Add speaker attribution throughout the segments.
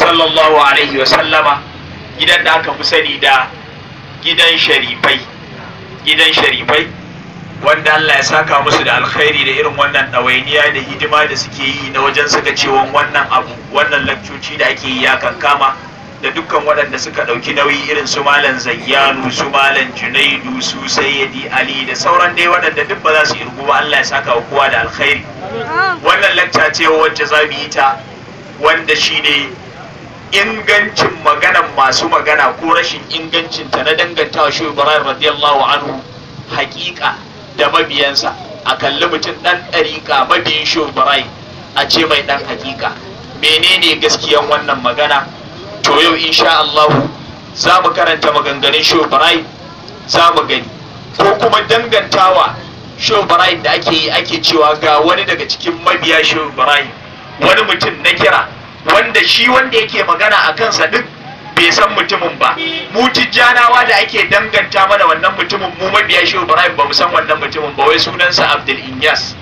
Speaker 1: sallallahu alaihi wasallama gidan da aka fi sani da gidan sharifai gidan sharifai wanda Allah ya saka musu da alkhairi da irin wannan ɗawainiya da hidima da suke yi na wajen suka cewon wannan abu wannan lakcoci da ake yi ya kankama da dukkan waɗanda suka ɗauki nauyi irin su malam zayyanu su malam junaidu su sayyidi ali da sauran dai waɗanda duk ba za su irgu ba Allah ya saka wa kowa da alkhairi wannan lakca ce wacce za mu yi ta wanda shi ne ingancin maganan masu magana ko rashin ingancin ta na dangantawa shi barai radiyallahu anhu hakika da mabiyansa a kalli mutum dan ɗariƙa mabiyin shi barai a ce mai dan hakika menene gaskiyan wannan magana to yau insha Allah za mu karanta maganganun shi barai za mu gani ko kuma dangantawa shi barai da ake yi ake cewa ga wani daga cikin mabiya shi barai wani mutum na kira wanda shi wanda yake magana a kansa duk bai san mutumin ba mu tijjanawa da ake danganta mana wannan mutumin mu mabiya shi Ibrahim ba mu san wannan mutumin ba wai sunansa Abdul Inyas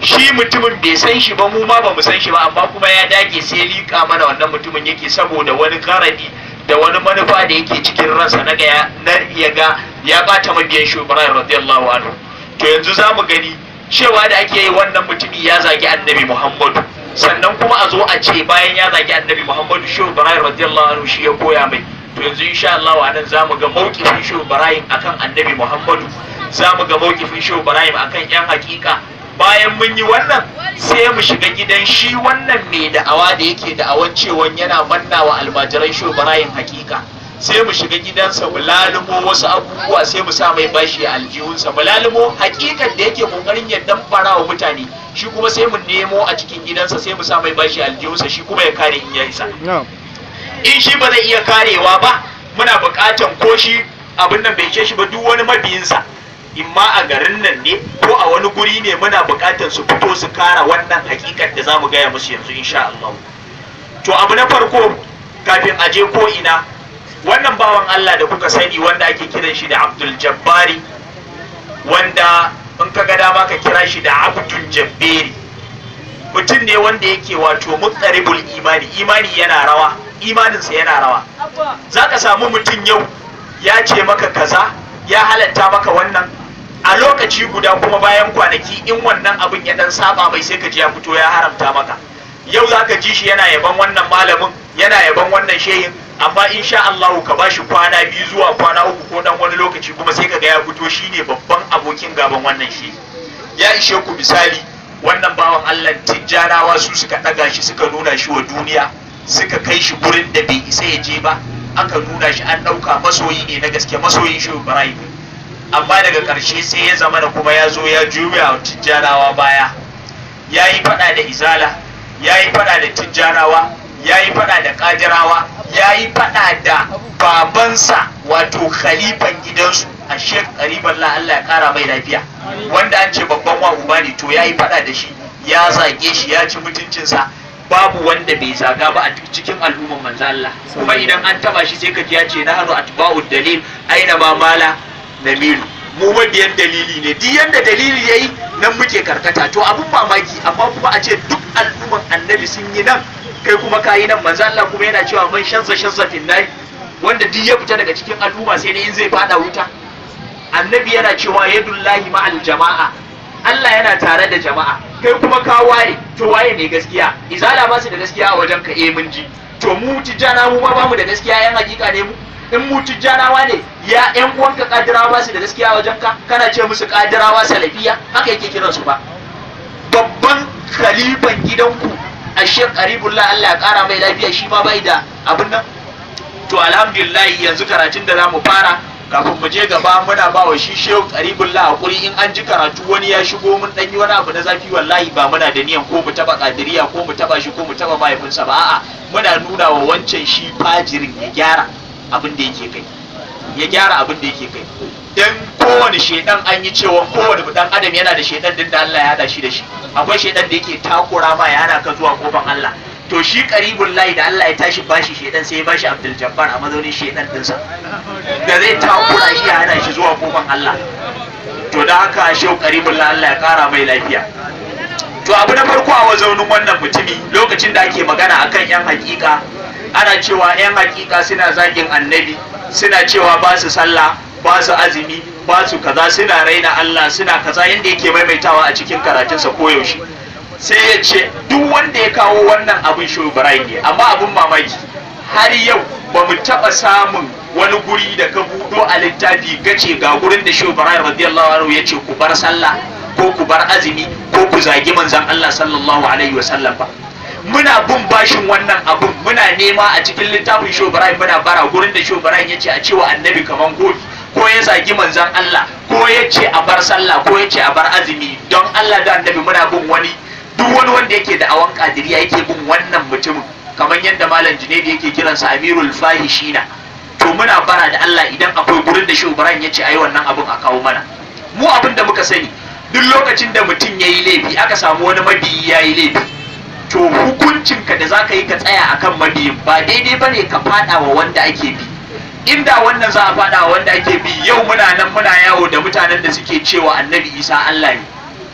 Speaker 1: shi mutumin bai san shi ba mu ma ba mu san shi ba amma kuma ya dage sai liƙa mana wannan mutumin yake saboda wani karadi da wani manufa da yake cikin ransa na gaya, na ya ga ya bata mabiyan shi Ibrahim radiyallahu anhu to yanzu za mu gani cewa da ake yi wannan mutumi ya zagi annabi Muhammadu sannan kuma a zo a ce bayan ya zagi annabi muhammadu shehu barayin radiyallahu anhu shi ya koya mai to yanzu insha Allah wa nan zamu ga mawqifin shehu barayin akan annabi muhammadu zamu ga mawqifin shehu barayin akan yan hakika bayan mun yi wannan sai mu shiga gidan shi wannan mai da'awa da yake da'awan cewa yana manna wa almajiran shehu barayin hakika sai mu shiga gidansa mu wasu abubuwa sai mu sa mai bashi aljihunsa mu hakikan da yake kokarin ya damfara wa mutane shi kuma sai mu nemo a cikin gidansa sai mu sa mai bashi aljihunsa shi kuma ya kare in ya
Speaker 2: in
Speaker 1: shi ba zai iya karewa ba muna buƙatan ko shi abin nan bai shi ba duk wani mabiyinsa ma a garin nan ne ko a wani guri ne muna buƙatan su fito su kara wannan hakikar da za mu gaya musu yanzu insha Allah to abu na farko kafin a je ko ina wannan bawan Allah da kuka sani wanda ake kiran shi da Abdul Jabbari wanda in ka ga dama ka kira shi da Abdul Jabbari mutum ne wanda yake wato mutsaribul imani imani yana rawa imaninsa yana rawa zaka samu mutum yau ya ce maka kaza ya halatta maka wannan a lokaci guda kuma bayan kwanaki in wannan abin ya dan saba mai sai ka ji ya fito ya haramta maka yau zaka ji shi yana yaban wannan malamin yana yaban wannan shehin amma in sha Allah ka ba shi kwana biyu zuwa kwana uku ko dan wani lokaci kuma sai kaga ya fito shi ne babban abokin gaban wannan shi ya ishe ku misali wannan bawan Allah tijjarawa su suka daga shi suka nuna shi wa duniya suka kai shi gurin da bai isa ya je ba aka nuna shi an dauka masoyi ne na gaske masoyin shi Ibrahim amma daga ƙarshe sai ya zama da kuma ya zo ya juya tijjarawa baya yayi yi faɗa da izala yayi yi faɗa da tijjarawa ya yi fada da kajirawa ya yi fada da babansa wato khalifan gidansu a shek kariban la Allah ya kara mai lafiya wanda an ce babban wa uba to ya yi fada da shi ya zage shi ya ci mutuncinsa babu wanda bai zaga ba a cikin al'umman manzo Allah kuma idan an taba shi sai ka ji ya ce na hanu atba'u dalil aina ma mala namilu mu mabiyan dalili ne duk yanda dalili yayi nan muke karkata to abun mamaki amma kuma a ce duk al'umman annabi sun yi nan kai kuma kayi nan manzo Allah kuma yana cewa mun shansa shansa finnai wanda duk ya fita daga cikin al'umma sai dai in zai fada wuta annabi yana cewa yadullahi ma'al jama'a Allah yana tare da jama'a kai kuma ka waye to waye mai gaskiya izala ba su da gaskiya a wajen ka eh mun ji to mu tijjana mu ba mu da gaskiya yan hakika ne mu in mu tijjanawa ne ya yan uwanka kadirawa su da gaskiya a wajen ka kana ce musu kadirawa salafiya haka yake kiransu ba babban khalifan gidanku a shek karibullah Allah ya kara mai lafiya shi ma bai da abin nan to alhamdulillah yanzu karatun da zamu fara kafin mu je gaba muna ba wa shi shehu karibullah hakuri in an ji karatu wani ya shigo mun dan yi wani abu na zafi wallahi ba muna da niyan ko mu taba kadiriya ko mu taba shi ko mu taba mahaifinsa ba a'a muna nuna wa wancan shi fajirin ya gyara abin da yake kai ya gyara abin da yake kai dan kowane shedan an yi cewa kowane dan adam yana da shedan din da Allah ya da shi da shi akwai shedan da yake takura ma yana ka zuwa kofar Allah to shi karibun layi da Allah ya tashi bashi shedan sai ya bashi Abdul Jabbar a mazaunin shedan dinsa da zai takura shi ya hana shi zuwa kofar Allah to da haka shi karibun layi Allah ya kara mai lafiya to abu na farko a wazaunin wannan mutumi lokacin da ake magana akan yan hakika ana cewa 'yan hakika suna zagin annabi suna cewa ba su sallah ba su azumi ba su kaza suna raina Allah suna kaza yanda yake maimaitawa a cikin karatun sa koyaushe sai ya ce duk wanda ya kawo wannan abin shubarai ne amma abin mamaki har yau ba mu taɓa samun wani guri da ka buɗo a littafi gace ga gurin da shubarai radiyallahu anhu ya ce ku bar sallah ko ku bar azumi ko ku zagi manzon Allah sallallahu alaihi wasallam ba muna bin bashin wannan abun muna nema a cikin littafin shobarai muna bara gurin da shobarai ya ce a cewa annabi kaman gobe ko ya zagi manzan Allah ko ya ce a bar sallah ko ya ce a bar azumi don Allah da annabi muna bin wani duk wani wanda yake da awan kadiriya yake bin wannan mutumin kamar yadda malam Junaidi yake kiransa Amirul Fahishina to muna bara da Allah idan akwai gurin da shobarai ya ce ai wannan abun a kawo mana mu abin da muka sani duk lokacin da mutum ya yi laifi aka samu wani mabiyi ya yi laifi to hukuncin ka da za ka yi ka tsaya a kan mabiyin ba daidai ba ne ka fada wa wanda ake bi inda wannan za a fada wa wanda ake bi yau muna nan muna yawo da mutanen da suke cewa annabi isa allah ne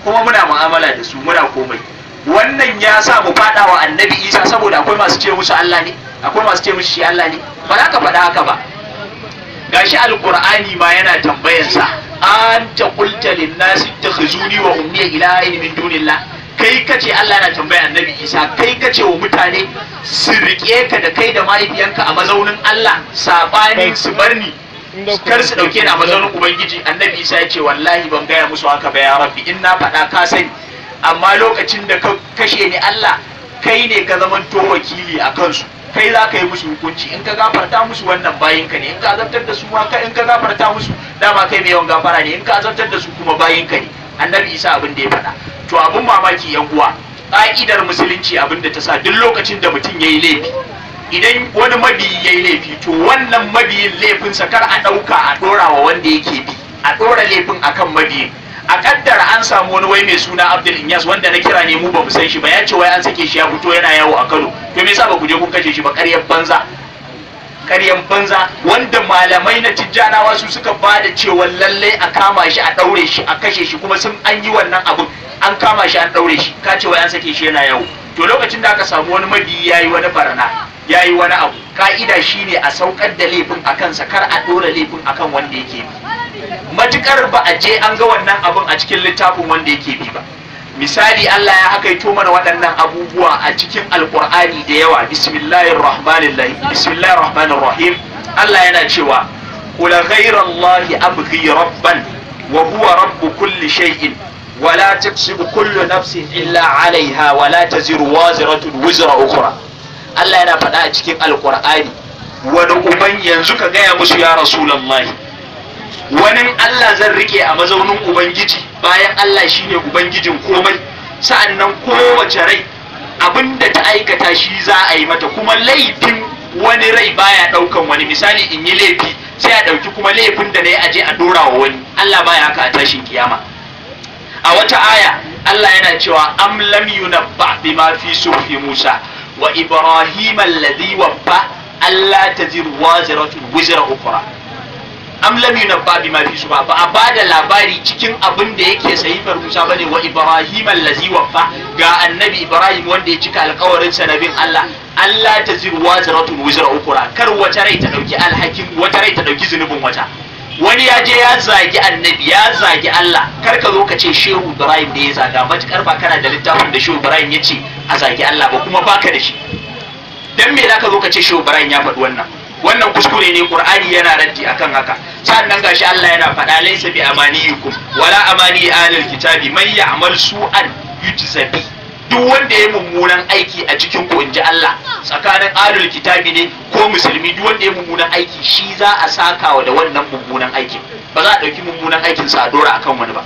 Speaker 1: kuma muna mu'amala da su muna komai wannan ya sa mu fada wa annabi isa saboda akwai masu ce musu allah ne akwai masu ce musu shi allah ne ba za ka faɗa haka ba gashi alqur'ani ma yana tambayansa an ta qulta lin nasi takhuzuni wa ummi ila min dunillah kai ka ce Allah na tambaya annabi Isa kai ka ce wa mutane su rike ka da kai da mahaifiyanka a mazaunin Allah sabanin su barni kar su dauke ni a mazaunin ubangiji annabi Isa ya ce wallahi ban gaya musu haka ba ya rabbi in na faɗa ka sani amma lokacin da ka kashe ni Allah kai ne ka zamanto wakili a kansu kai za ka yi musu hukunci in ka gafarta musu wannan bayinka ne in ka azabtar da su ma in ka gafarta musu dama kai mai yawan gafara ne in ka azabtar da su kuma bayinka ne annabi isa abin da ya faɗa to abin mamaki yan uwa ƙa'idar musulunci abin da ta sa duk lokacin da mutum ya yi laifi idan wani mabiyi ya yi laifi to wannan mabiyin laifinsa kar a ɗauka a ɗora wa wanda yake bi a ɗora laifin a kan mabiyin a ƙaddar an samu wani wai mai suna abdul inyas wanda na kira ne mu ba mu san shi ba ya ce wai an sake shi ya fito yana yawo a kano to me yasa ba ku je kun kashe shi ba ƙaryar banza karyan banza wanda malamai na tijjanawa su suka ba da cewa lalle a kama shi a ɗaure shi a kashe shi kuma sun an yi wannan abin an kama shi an ɗaure shi ka ce an sake shi yana yawo to lokacin da aka samu wani mabi ya yi wani barna ya yi wani abu ka'ida shine a saukar da laifin a kansa kar a ɗora laifin akan wanda yake
Speaker 2: bi
Speaker 1: matukar ba a je an ga wannan abin a cikin littafin wanda yake bi ba misali Allah ya hakaito mana waɗannan abubuwa a cikin alƙur'ani da yawa bismillahir rahmanir rahim Allah yana cewa qul ghayra allahi abghi rabban wa huwa rabbu kulli shay'in wala la taksibu kullu nafsin illa 'alayha wa la taziru waziratun wizra ukhra Allah yana faɗa a cikin alƙur'ani wani uban yanzu ka gaya musu ya rasulullahi wani Allah zan riƙe a mazaunin ubangiji bayan Allah shi shine ubangijin komai sa'an nan kowace rai abinda ta aikata shi za a yi mata kuma laifin wani rai baya ɗaukan wani misali in yi laifi sai a ɗauki kuma laifin da na yi aje a dora wa wani Allah baya haka a tashin kiyama a wata aya Allah yana cewa am lam yunabba bima fi sufi Musa wa Ibrahim alladhi wabba Allah taziru waziratun wizra ukhra am lam yunabba bima fi shuba ba a bada labari cikin abin da yake sahifar Musa bane wa Ibrahim allazi waffa ga annabi Ibrahim wanda ya cika alƙawarin sa nabin Allah Allah ta zir wazratun wizra ukura kar wata rai ta dauki alhakin wata rai ta dauki zunubin wata wani ya je ya zagi annabi ya zagi Allah kar ka zo ka ce Shehu Ibrahim da ya zaga matukar ba kana da littafin da Shehu Ibrahim ya ce a zagi Allah ba kuma baka da shi dan me zaka zo ka ce Shehu Ibrahim ya faɗi wannan wannan kuskure ne Qur'ani yana raddi akan haka sannan gashi Allah yana faɗa laisa bi amaniyukum wala amani kitabi man ya'mal su'an yujza duk wanda ya mummunan aiki a cikin ku inji Allah tsakanin ahlul kitabi ne ko musulmi duk wanda ya mummunan aiki shi za a sakawa da wannan mummunan aikin ba za a ɗauki mummunan aikin sa a dora akan wani ba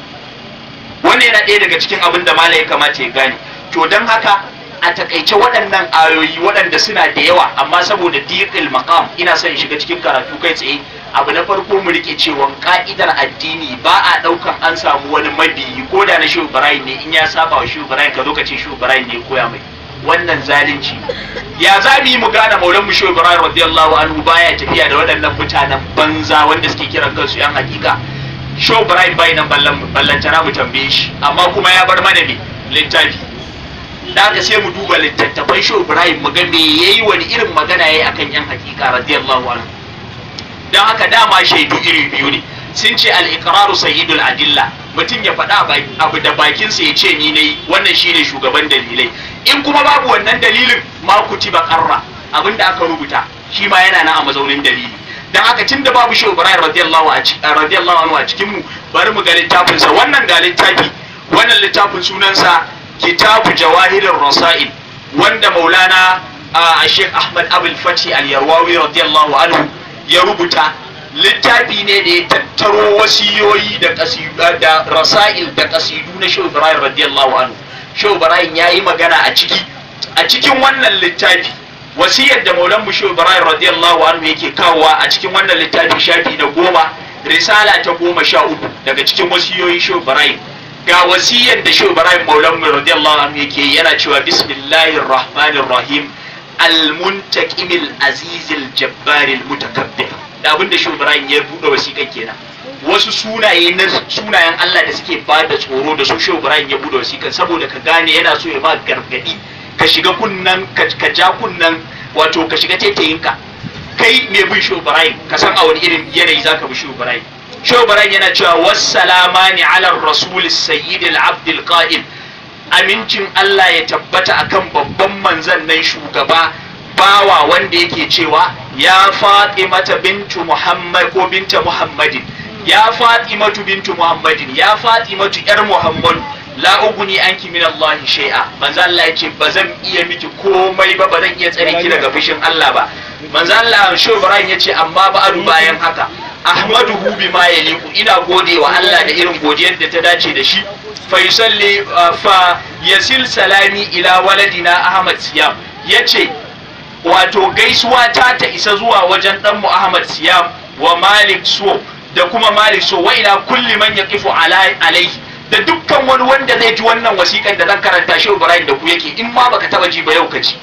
Speaker 1: wannan yana ɗaya daga cikin abin da malai ya kamata ya gane to don haka a takaice waɗannan ayoyi waɗanda suna da yawa amma saboda diƙil maqam ina son shiga cikin karatu kai tsaye abu na farko mu rike cewa ka'idar addini ba a daukan an samu wani mabiyi ko da na shi Ibrahim ne in ya saba wa shi Ibrahim ka zo ka ce shehu ne koya mai wannan zalunci ya za mu yi mu gane maulan mu shi Ibrahim radiyallahu anhu baya tafiya da waɗannan mutanen banza wanda suke kiran kansu yan hakika shi Ibrahim bai nan ballantana mu tambaye shi amma kuma ya bar mana ne littafi da ka sai mu duba littattafan shi Ibrahim mu ga me yayi wani irin magana yayi akan yan hakika radiyallahu anhu don haka dama shaidu iri biyu ne sun ce al-iqraru sayyidul adilla mutum ya faɗa abu da bakinsa ya ce ni nayi wannan shine shugaban dalilai in kuma babu wannan dalilin ma ci baƙarra. abin da aka rubuta shi ma yana na a mazaunin dalili Don haka tun da babu shehu ibrahim radiyallahu anhu a cikin mu bari mu ga littafin wannan ga littafi wannan littafin sunansa kitabu Jawahirin rasail wanda maulana a Sheikh Ahmad Abul Fati Al-Yarwawi radiyallahu anhu ya rubuta littafi ne da ya tattaro wasiyoyi da da rasa'il da kasidu na Shehu Ibrahim radiyallahu anhu Shehu Ibrahim yi magana a ciki a cikin wannan littafi wasiyar da Maulan mu Shehu Ibrahim radiyallahu anhu yake kawowa a cikin wannan littafi shafi na goma risala ta goma sha uku daga cikin wasiyoyin Shehu Ibrahim ga wasiyar da Shehu Ibrahim Maulan mu radiyallahu anhu yake yana cewa bismillahir rahmanir rahim almuntakimil azizil jabbaril mutakabbir da abin da shi ya buɗe wasiƙa kenan wasu sunaye na sunayen Allah da suke ba da tsoro da su shi ya buɗe wasiƙa saboda ka gane yana so ya ba gargadi ka shiga kunnan ka ja kunnan wato ka shiga tetayinka kai mai bin shi ka san a wani irin yanayi zaka bi shi Ibrahim yana cewa wassalamani ala rasul sayyidil abdul qa'im amincin Allah ya tabbata a kan babban manzan nan shugaba bawa wanda yake cewa ya fatimata bintu muhammad ko binta muhammadin ya fatimatu bintu muhammadin ya fatimatu yar Muhammadu. la uguni anki min allahi shay'a manzo Allah yace bazan iya miki komai ba bazan iya tsare ki daga fushin Allah ba manzo Allah sho Ibrahim yace amma ba adu bayan haka ahmaduhu bima yaliku ina gode wa Allah da irin godiyar da ta dace da shi fa yusalli uh, fa yasil salami ila waladina Ahmad Siyam yace wato gaisuwa ta ta isa zuwa wajen dan mu Ahmad Siyam wa Malik Suwa. da kuma malik so wa ila kulli man yaqifu alaihi da dukkan wani wanda zai ji wannan wasiƙar da zan karanta shehu ibrahim da ku yake in ma baka taba ji ba yau ka ji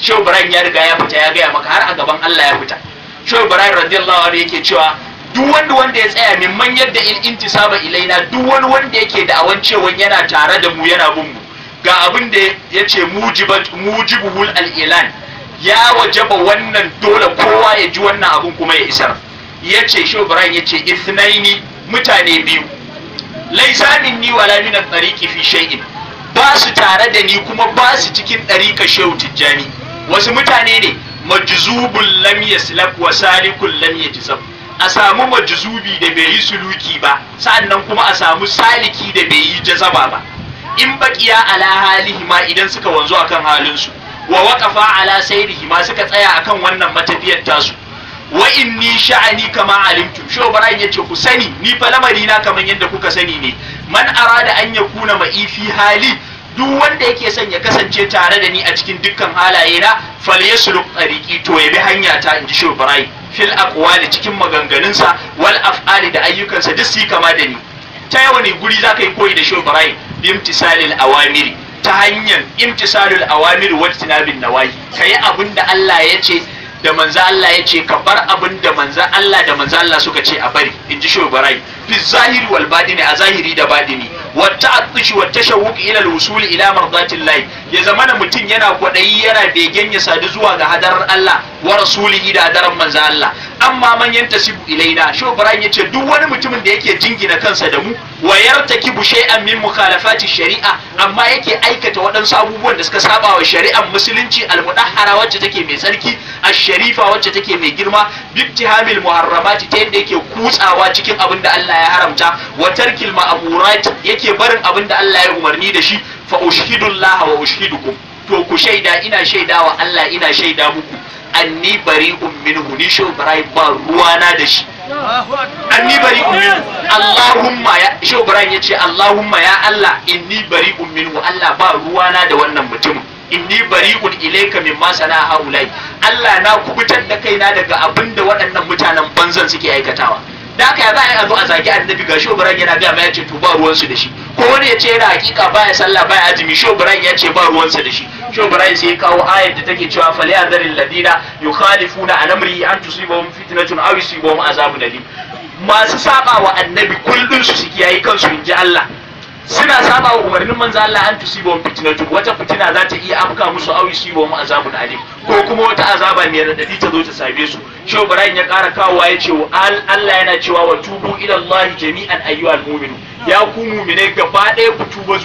Speaker 1: shehu ibrahim ya riga ya fita ya gaya maka har a gaban allah ya fita shehu ibrahim radiyallahu anhu yake cewa duk wanda wanda ya tsaya min man yadda in intisaba ilaina duk wani wanda yake da awan cewa yana tare da mu yana bin mu ga abin da ya ce mujibat mujibul al-ilan ya wajaba wannan dole kowa ya ji wannan abin kuma ya isar ya ce shi Ibrahim ya ce isnaini mutane biyu laisa minni wala min at-tariqi fi shay'in ba su tare da ni kuma ba su cikin dariƙa shehu tijjani wasu mutane ne majzubul lam yaslak wa salikun lam yajzab a samu majzubi da bai yi suluki ba sannan kuma a samu saliki da bai yi jazaba ba in baqiya ala halihi ma idan suka wanzu akan halin su, wa waqafa ala sayrihi ma suka tsaya akan wannan matafiyar tasu wa ni sha'ani kama alimtu shi ya yace ku sani ni fa lamari na kaman yadda kuka sani ne man arada an yakuna ma'ifi hali duk wanda yake son ya kasance tare da ni a cikin dukkan halaye na falyasluk tariqi to ya bi hanya ta inji shi Ibrahim fil aqwali cikin maganganunsa wal af'ali da ayyukansa duk su kama da ni ta yawa ne guri zaka yi koyi da shi Ibrahim bi imtisalil awamiri ta hanyar imtisalul awamiri wa tinabin nawahi kai abin da Allah ya ce da manzo Allah ya ce ka bar abin da manzo Allah da manzo Allah suka ce a bari in ji shubarai fi zahiri wal badini a zahiri da badini wa ta'attushi wa tashawwuq ila al-wusul ila mardatillahi ya zamana mutum yana kwadayi yana begen ya sadu zuwa ga hadarar Allah wa rasulihi da hadarar manzo Allah amma manyan tasibu ilaina sho ibrahim yace duk wani mutumin da yake jingina kansa da mu wa yartakibu shay'an min mukhalafati shari'a amma yake aikata waɗansu abubuwan da suka saba wa shari'ar musulunci almudahhara wacce take mai tsarki asharifa wacce take mai girma bibtihamil muharramati ta yadda yake kutsawa cikin abin da Allah ya haramta wa tarkil ma'murat yake barin abin da Allah ya umarni da shi fa ushhidullaha wa ushhidukum to ku shaida ina shaidawa Allah ina shaida muku anni bari'un minhu ni shehu ibrahim ba ruwana da shi anni bari'un minhu allahumma ya shehu ibrahim yace allahumma ya allah inni bari'un minhu allah ba ruwana da wannan mutumin inni bari'un ilayka mimma sana'a haulai allah na kubutar da kaina daga abinda waɗannan mutanen banzan suke aikatawa da haka ya za a zo a zagi annabi ga shehu ibrahim yana ga ya yace to ba ruwansu da shi ko wani ya ce yana hakika baya sallah baya azumi shi Ibrahim ya ce ba ruwansa da shi shi Ibrahim sai ya kawo ayar da take cewa fali adaril ladina yukhalifuna an amri an tusibahum fitnatun aw yusibahum azabun alim masu saba wa annabi kullun su suke yayi kansu inji Allah suna saba wa umarnin manzo Allah an tusibahum fitnatun wata fitina za ta iya afka musu aw yusibahum azabun alim ko kuma wata azaba mai radadi ta zo ta same su Shehu Ibrahim ya ƙara kawowa ya ce Allah yana cewa wa tubu ila Allah jami'an ayyuhal mu'minu ya ku mu'mine gaba ɗaya ku tuba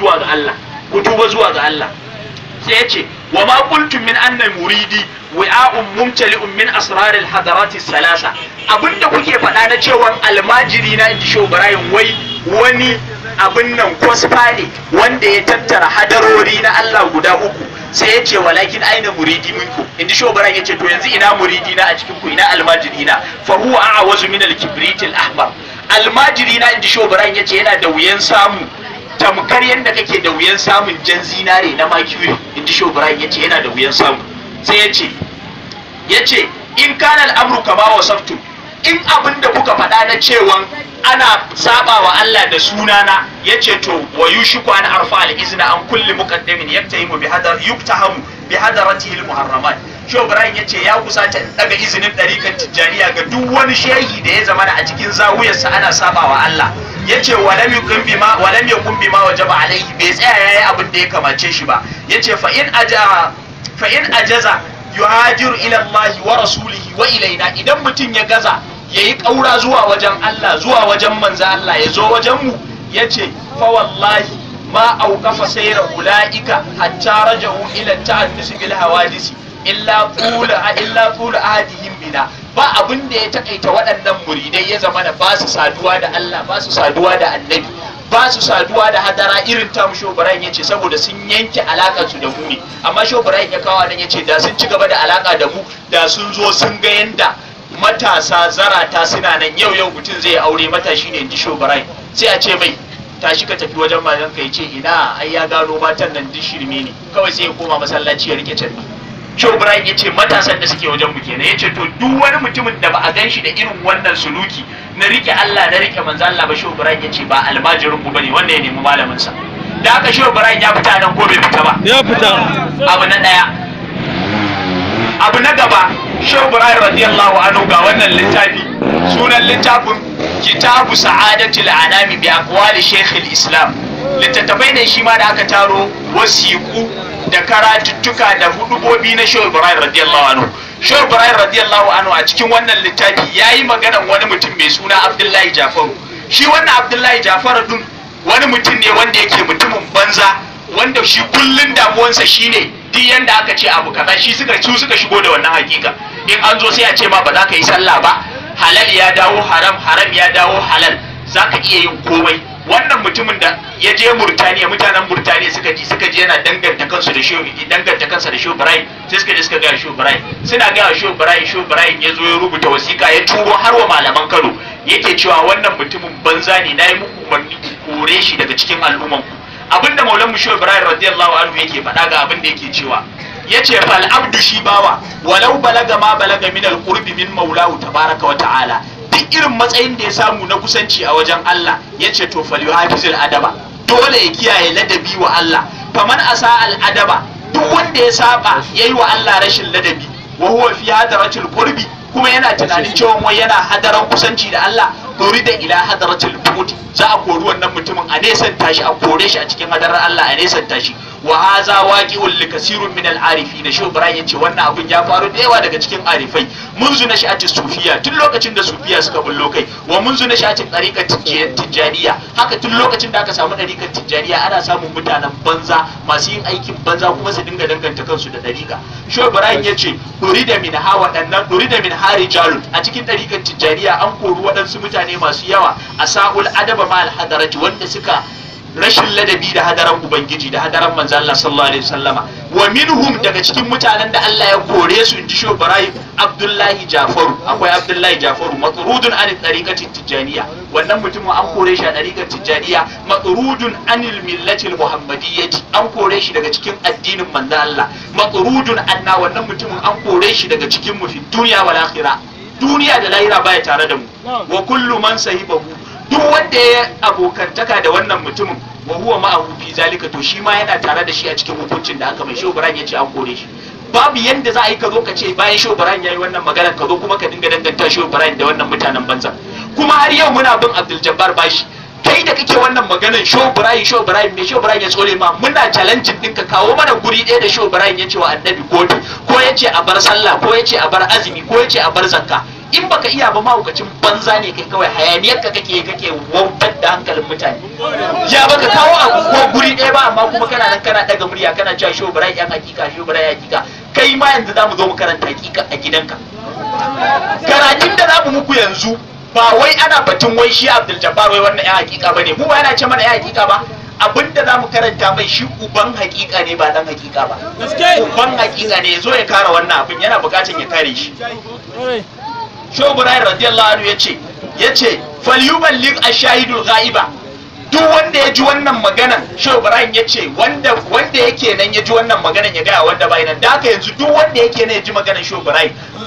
Speaker 1: zuwa ga Allah ku wa ma qultum min anna muridi wi'a'un mumtali'un min asrar al-hadarat salasa abinda kuke faɗa na cewa almajiri na inji show wai wani abin nan kwasfa ne wanda ya tattara hadarori na Allah guda uku sai ya ce walakin aina muridi minku in ji shobaran to yanzu ina muridi na a cikin ina almajirina? na a'a wazu min al ahmar almajiri na in ji shobaran yana da wuyan samu tamkar yadda kake da wuyan samun jan zinare na makiyuri in ji shobrayin ya ce yana da wuyan samu sai ya ce ya ce in kanal amru kama wa saftu in abin da kuka faɗa na cewa ana saba wa Allah da sunana ya ce to wa yushiku an arfa al-izna an kulli muqaddamin yaktahimu bi hadar yuktahamu bi hadaratihi al-muharramat Shehu Brian ya ce ya kusata daga izinin ɗarikan tijjaniya ga duk wani shehi da ya zama a cikin zawuyarsa ana sabawa Allah ya ce walam yakun bima walam yakun bima alaihi bai tsaya yayi abin da ya kamace shi ba ya ce fa a jaza, ajaza yuhajiru ila Allah wa rasulihi wa ilaina idan mutum ya gaza yayi ƙaura zuwa wajen Allah zuwa wajen manzo Allah ya zo wajen mu ya ce fa wallahi ma auqafa sayra ulaika hatta raja'u ila ta'addus bil hawadisi illa a illa a hadihin bina ba abin da ya takaita waɗannan muridai ya zama da ba su saduwa da Allah ba su saduwa da annabi ba su saduwa da hadara irin ta sho Ibrahim yace saboda sun yanke alakar su da mu ne amma sho Ibrahim ya kawo nan yace da sun ci gaba da alaka da mu da sun zo sun ga yanda matasa zarata suna nan yau yau mutum zai aure matashi ne ji sho sai a ce mai tashi ka tafi wajen mazan ka ce ina ai ya gano matan nan dishirme shirme ne kawai sai ya koma masallaci ya rike canbi Shehu Ibrahim ya ce matasan da suke wajen buke ne ya ce to duk wani mutumin da ba a gan shi da irin wannan suluki na rike Allah na rike manzo Allah ba Shehu Ibrahim ya ce ba almajirin ku bane wanda ya nemi malamin sa da haka Shehu Ibrahim ya fita nan ko bai fita ba ya fita abu na daya abu na gaba Shehu Ibrahim radiyallahu anhu ga wannan littafi sunan littafin kitabu sa'adatul anami bi aqwali shaykhul islam littattafai ne shi ma da aka taro wasiku da karatuttuka da hudubobi na shehu ibrahim radiyallahu anhu shehu ibrahim radiyallahu anhu a cikin wannan littafi ya yi maganan wani mutum mai suna abdullahi jafaru shi wannan abdullahi jafaru dun wani mutum ne wanda yake mutumin banza wanda shi kullun damuwansa shine duk yanda aka ce abu kaza shi suka su suka shigo da wannan hakika in an zo sai a ce ma ba za ka yi sallah ba halal ya dawo haram haram ya dawo halal zaka iya yin komai wannan mutumin da ya je Murtaniya mutanen Murtaniya suka ji suka ji yana danganta kansu da Shehu danganta kansa da Shehu Ibrahim sai suka suka ga Shehu Ibrahim suna ga Shehu Ibrahim Shehu Ibrahim ya zo ya rubuta wasiƙa ya turo har wa malaman Kano yake cewa wannan mutumin banza ne nayi muku umarni kore shi daga cikin al'umman ku abinda Maulan mu Shehu Ibrahim radiyallahu anhu yake faɗa ga abinda ya yake cewa yace fal abdu shi bawa walau balaga ma balaga min al-qurbi min maulahu tabaraka wa ta'ala duk irin matsayin da ya samu na kusanci a wajen Allah ya ce to fal yuhafizul adaba dole ya kiyaye ladabi wa Allah faman asa al adaba duk wanda ya saba yayi wa Allah rashin ladabi wa huwa fi hadratil qurbi kuma yana tunanin cewa wai yana hadaran kusanci da Allah da ila hadratil bu'd za a kori wannan mutumin a nesan tashi a kore shi a cikin hadarar Allah a nesan tashi. wa haza waqi'un li kasirun min al arifin shi yace wannan abun ya faru da yawa daga cikin arifai munzu na sha'ati sufiya tun lokacin da sufiya suka bullo kai wa munzu na sha'ati tariqat tijariya haka tun lokacin da aka samu tariqat tijariya ana samun mutanen banza masu yin aikin banza kuma su dinga danganta kansu da tariqa shi ibrahim yace urida min hawa dannan urida min harijalun a cikin tariqat tijariya an kori waɗansu mutane masu yawa a sa'ul adaba ma al hadarati wanda suka rashin ladabi da hadaran ubangiji da hadaran manzo Allah sallallahu alaihi wasallama wa minhum daga cikin mutanen da Allah ya kore su inji shi Ibrahim Abdullahi Jafaru akwai Abdullahi Jafaru matrudun an tariqatin tijaniya wannan mutumin an kore shi a tariqatin tijaniya matrudun anil millatil muhammadiyyati an kore shi daga cikin addinin manzo Allah matrudun anna wannan mutumin an kore shi daga cikin mu fi duniya wal akhirah duniya da lahira baya tare da mu wa kullu man sahibahu duk wanda ya abokantaka da wannan mutumin wa huwa ma'ahu fi zalika to shi ma yana tare da shi a cikin hukuncin da aka mai shehu Ibrahim ya ce an kore shi babu yanda za a yi ka zo ka ce bayan shehu ya yayi wannan magana ka zo kuma ka dinga danganta shehu Ibrahim da wannan mutanen banza kuma har yau muna bin Abdul Jabbar bashi kai da kake wannan maganan shehu Ibrahim shehu Ibrahim me shehu Ibrahim ya tsole ma muna challenge din ka kawo mana guri ɗaya da shehu Ibrahim ya ce wa annabi kotu ko ya ce a bar sallah ko ya ce a bar azumi ko ya ce a bar zakka in baka iya ba mahaukacin banza ne kai kawai hayaniyar ka kake kake wautar da hankalin mutane ya baka kawo a ko guri ɗaya ba amma kuma kana nan kana daga murya kana cewa shi bara yan hakika sho bara hakika kai ma yanzu zamu zo mu karanta hakika a gidanka karatun da zamu muku yanzu ba wai ana batun wai shi Abdul Jabbar wai wannan yan hakika bane mu ba yana ce mana yan hakika ba abinda za mu karanta mai shi uban hakika ne ba dan hakika ba uban hakika ne zo ya kare wannan abin yana bukatun ya kare shi shoburai radiyallahu anhu yace yace a ashahidul ghaiba duk wanda ya ji wannan maganan shehu ya ce wanda yake nan ya ji wannan maganan ya gaya wanda bai nan da yanzu duk wanda yake nan ya ji maganan shehu